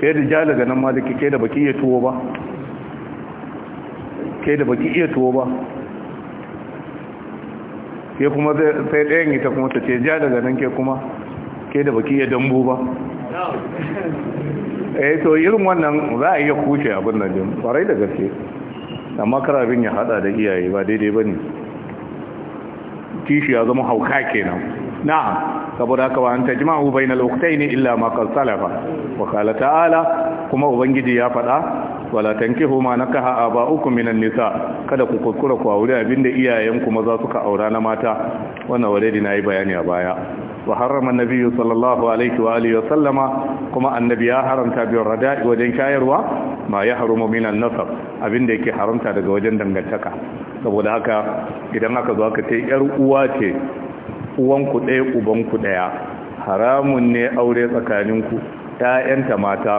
eh, da ja daga nan ma da ke da baki iya tuwo ba ke da baki iya tuwo ba ke kuma sai ɗayan ita kuma ta ce ja daga nan ke kuma ke da baki ya dambu ba eh to irin wannan za a iya kushe abin nan din farai da gaske amma karabin ya hada da iyaye ba daidai bane kishi ya zama hauka kenan na'am saboda haka ba an tajma'u bainal ukhtaini illa ma qad salafa wa qala ta'ala kuma ubangiji ya fada wala tankihu ma nakaha aba'ukum minan nisa kada ku kukura ku aure abinda iyayenku maza suka aura na mata wannan wadai na yi bayani a baya wa harrama nabiyyu sallallahu alaihi wa alihi wa sallama kuma annabi ya haramta bi rada'i wajen shayarwa ma ya harumu minan nasab abinda yake haramta daga wajen dangantaka saboda haka idan aka zo aka ce yar uwa ce uwan ku ɗaya uban ku ɗaya haramun ne aure tsakanin ku mata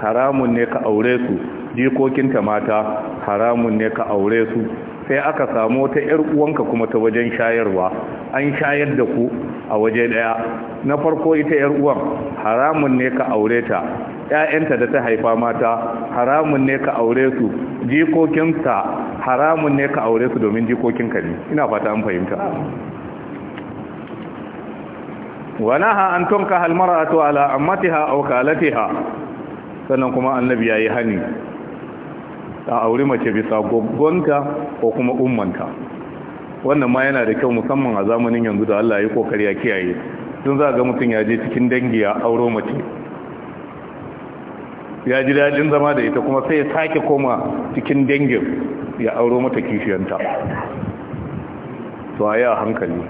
haramun ne ka aure su jikokinta mata haramun ne ka aure su sai aka samu ta ‘yar uwanka kuma ta wajen shayarwa an shayar da ku a waje daya na farko ita ‘yar uwan haramun ne ka aure ta ‘ya'yanta da ta haifa mata haramun ne ka aure su jikokinta haramun ne ka aure su domin jikokinka ne ina fata an fahimta wanaha an tunka halmaratu ala ammatiha aw kalatiha sannan kuma annabi ya yi hani a auri mace bisa goggonka ko kuma ummanka wannan ma yana da kyau musamman a zamanin yanzu da Allah ya kokari ya kiyaye don za ga mutum ya je cikin dangi ya auro mace ya ji dadin zama da ita kuma sai ya sake koma cikin dangin ya auro mata kishiyanta to a a hankali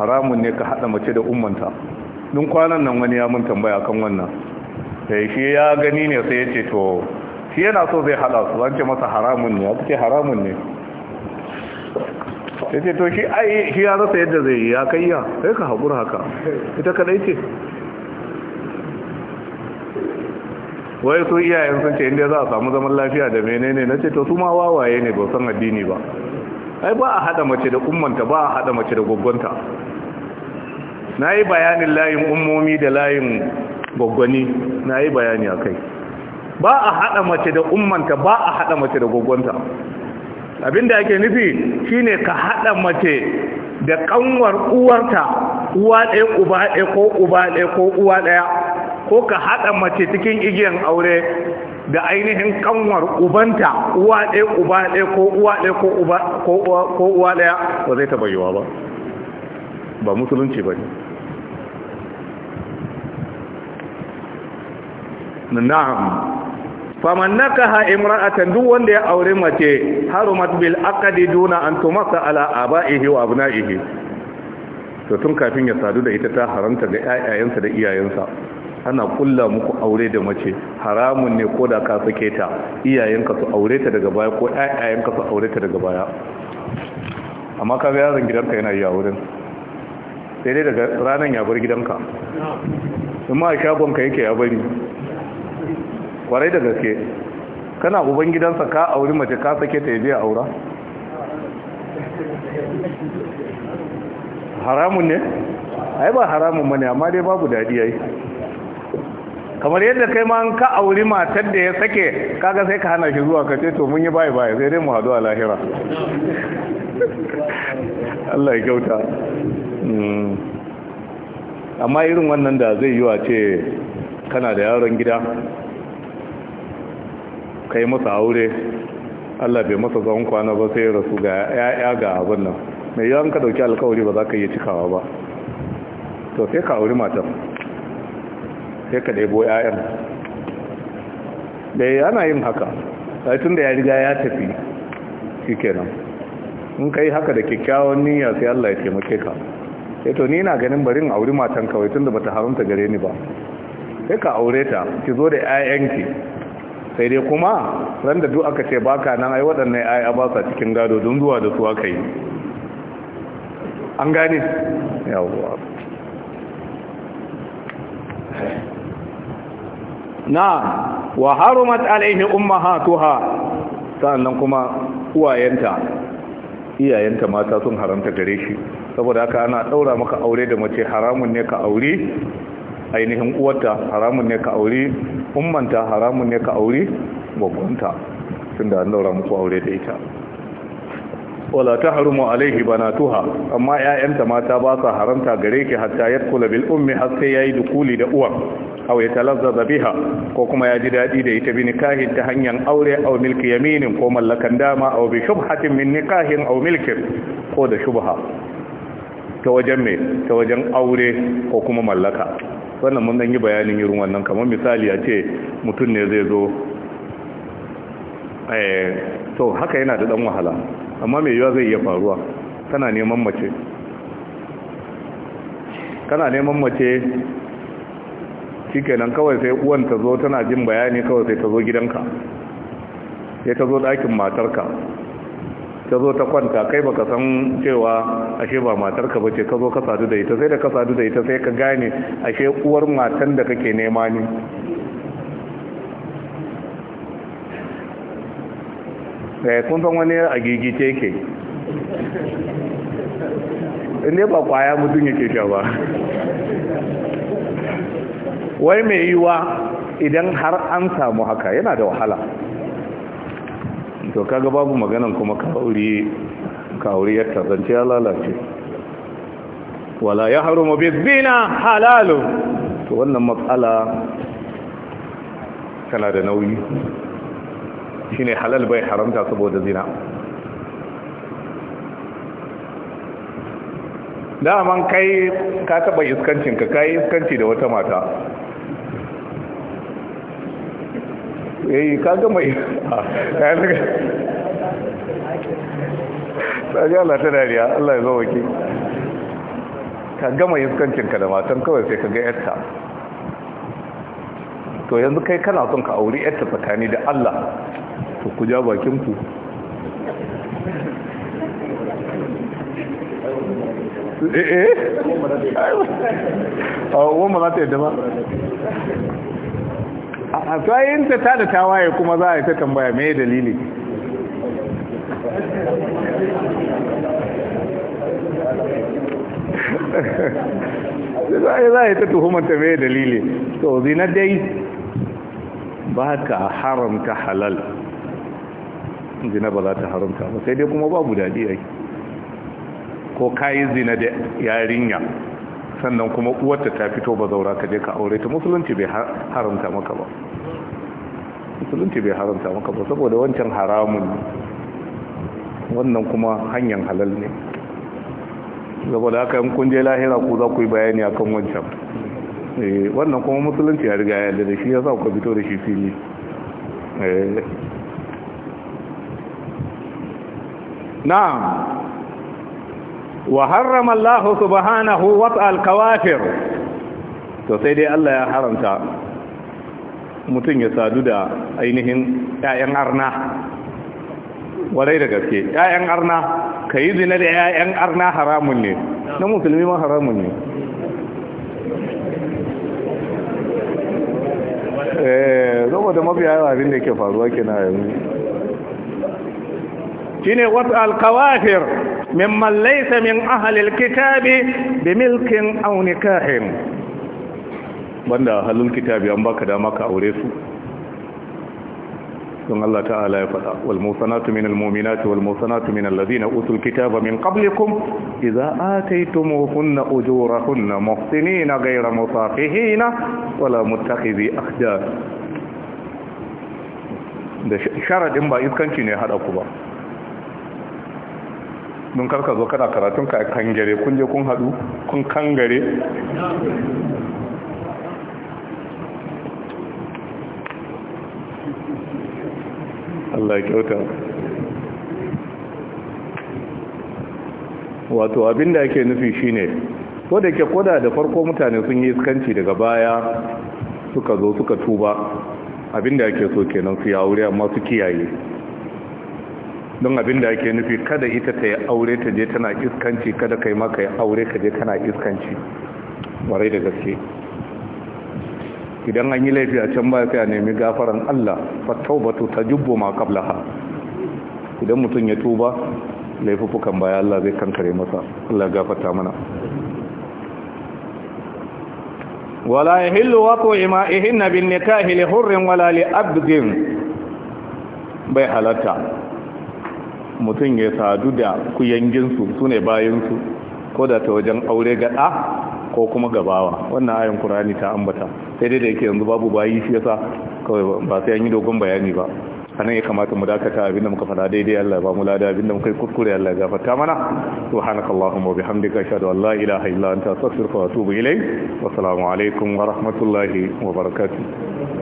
haramun ne ka haɗa mace da ummanta ɗin kwanan nan wani ya mun tambaya kan wannan sai shi ya gani ne sai ya ce to shi yana so zai hada su zance masa haramun ne ya ce haramun ne ya ce to shi ai shi ya rasa yadda zai yi ya kayya sai ka haƙura haka ita kadai ce wai su iyayen sun ce inda za a samu zaman lafiya da menene na ce to su ma wawaye ne ba san addini ba ai ba a hada mace da ummanta ba a hada mace da gwaggwanta na yi bayanin layin ummomi da layin gwaggwani na yi bayani a kai ba a haɗa mace da ummanta ba a haɗa mace da gogonta abinda yake nufi shine ka haɗa mace da ƙanwar uwarta uwa ɗaya uba ɗaya ko uba ɗaya ko uwa ɗaya ko ka haɗa mace cikin igiyan aure da ainihin kanwar ubanta uwa ɗaya uba ɗaya ko uwa ɗaya ko uba ko uwa ɗaya ba zai taɓa yiwa ba ba musulunci ba ne na'am faman ha imra'atan duk wanda ya aure mace harumat bil aqdi duna an tumasa ala abaihi wa abnaihi to tun kafin ya sadu da ita ta haramta ga iyayensa da iyayensa ana kulla muku aure da mace haramun ne ko da ka sake ta iyayenka su aure ta daga baya ko iyayenka su aure ta daga baya amma kaga yaron gidanka yana iya wurin sai dai daga ranar ya bar gidanka in ma ka yake ya bari kwarai da gaske kana uban gidansa ka auri mace ka sake ta yaje aura haramun ne ai ba haramun bane amma dai babu dadi yayi kamar yadda kai ma ka auri matar da ya sake kaga sai ka hana shi zuwa ka ce to mun yi bai bai sai dai mu hadu a lahira (laughs) Allah ya kyauta hmm. amma irin wannan da zai yi wa ce kana da yaron gida kai masa aure Allah bai masa zaun kwana ba sai rasu ga ya'ya ga abin nan mai yawan ka dauki alkawari ba za ka iya cikawa ba to sai ka auri matan. sai ka ɗaibo ya'yan da yana yin haka tun da ya riga ya tafi shi kenan in ka yi haka da kyakkyawan niyya sai Allah ya taimake ka sai eh to ni na ganin barin auri matan kawai tun da bata haramta gare ni ba sai ka aure ta ki zo da 'ya'yanki sai dai kuma ran da duk aka ce baka nan ai waɗannan ai ba sa cikin gado don zuwa da su aka yi an gane yawwa na wa harumat alaihi ummahatuha sannan kuma uwayenta iyayenta mata sun haramta gare shi saboda haka ana daura maka aure da mace haramun ne ka aure ainihin uwarta haramun ne ka aure ummanta haramun ne ka aure gwagwanta tun da an muku aure da ita wala ta harumu alaihi banatuha amma 'ya'yanta mata ba sa haramta gare ki hatta yadkula bil ummi har sai yayi dukuli da uwar aw ya talazzaza biha ko kuma ya ji dadi da ita bi nikahin ta hanyar aure aw milki yaminin ko mallakan dama aw bi shubhatin min nikahin aw milkin ko da shubha ta wajen me ta wajen aure ko kuma mallaka wannan mun dan yi bayanin irin wannan kamar misali a ce mutum ne zai zo eh to haka yana da dan wahala amma mai yiwa zai iya faruwa kana neman mace kana neman mace shikenan kawai sai uwan ta zo tana jin bayani kawai sai ta zo gidanka sai ta zo ɗakin matarka ta zo ta kwanta kai baka san cewa ashe ba matar ka bace ka zo ka sadu da ita sai da ka sadu da ita sai ka gane ashe uwar matan da kake nema ne eh kun san wani a gigice yake inda ba kwaya mutum yake sha ba wai mai yiwa idan har an samu haka yana da wahala to kaga babu maganan kuma kauri kauri ya tazance ya lalace wala ya harumu zina halalu to wannan matsala tana da nauyi shine halal bai haramta saboda zina daman kai ka taba iskancinka, kai iskanci da wata mata yayi eh, ka gama yi ta ji Allah ta dariya Allah ya zama ki ka gama ka da matan kawai sai ka ga yarta to yanzu kai kana son ka auri yarta tsakani da Allah to ku ja bakinku eh eh a wannan ta yadda ba a tsayin ta tada tawaye kuma za a yi ta tambaya mai dalili za a yi ta tuhumanta mai dalili to zina dai ba ka haramta halal zina ba za ta haramta ba sai dai kuma babu ya ai ko kayi zina da yarinya sannan kuma uwarta ta fito ba zaura ka je ka aure ta musulunci bai haramta maka ba musulunci bai haramta maka ba saboda wancan haramun wannan kuma hanyar halal ne saboda haka in kun je lahira ku za ku yi bayani akan wancan eh, wannan kuma musulunci ya riga ya da shi ya sa ku fito da shi fili eh. na'am wa harrama Allah subhanahu wat'al kawafir to sai dai Allah ya haramta mutum ya sadu da ainihin 'ya'yan arna warai da gaske 'ya'yan arna ka yi zina da 'ya'yan arna haramun ne na musulmi ma haramun ne zama eh, da mafi yawa abin da ke faruwa kina yanzu shine ne wasu alkawafir mimman laysa min ahlil kitabi bi milkin aunikahin. Wanda a halin kitabi an baka dama ka aure su don Allah ta'ala ya faɗa wal musanatu minal mu'minati wal musanatu minal ladina utul kitaba min qablikum idza ataytumuhunna ujurahunna muhsinina ghayra musafihina wala muttakhidhi akhdan da sharadin ba iskanci ne hada ku ba don karka zo kana karatun ka kangare kun je kun hadu kun kangare Allah kyauta wato abinda ake nufi shine ko da ke koda da farko mutane sun yi iskanci daga baya suka zo suka tuba abinda ake so kenan su ya wuri amma su kiyaye don abin da ake nufi kada ita ta yi aure ta je tana iskanci kada kai maka yi aure ka je tana iskanci warai da gaske idan an yi laifi a can ba sai a nemi gafaran Allah ta jubbo ma ha idan mutum ya tuba laifukan baya Allah zai kankare masa Allah gafata mana wala yahillu waqu ima'ihinna bin nikahi li hurrin wala li abdin bai halatta mutum ya sadu da kuyanginsu su ne bayansu ko da ta wajen aure gaɗa ko kuma gabawa wannan ayin kurani ta ambata sai dai da yake yanzu babu bayi shi yasa kawai ba sai an yi dogon bayani ba a nan ya kamata mu dakata da muka fada daidai Allah ba mu lada da muka yi kuskure Allah ya gafarta mana subhanakallahumma wa bihamdika ashhadu an la ilaha illa anta astaghfiruka wa atubu ilayk wa assalamu alaikum wa rahmatullahi wa barakatuh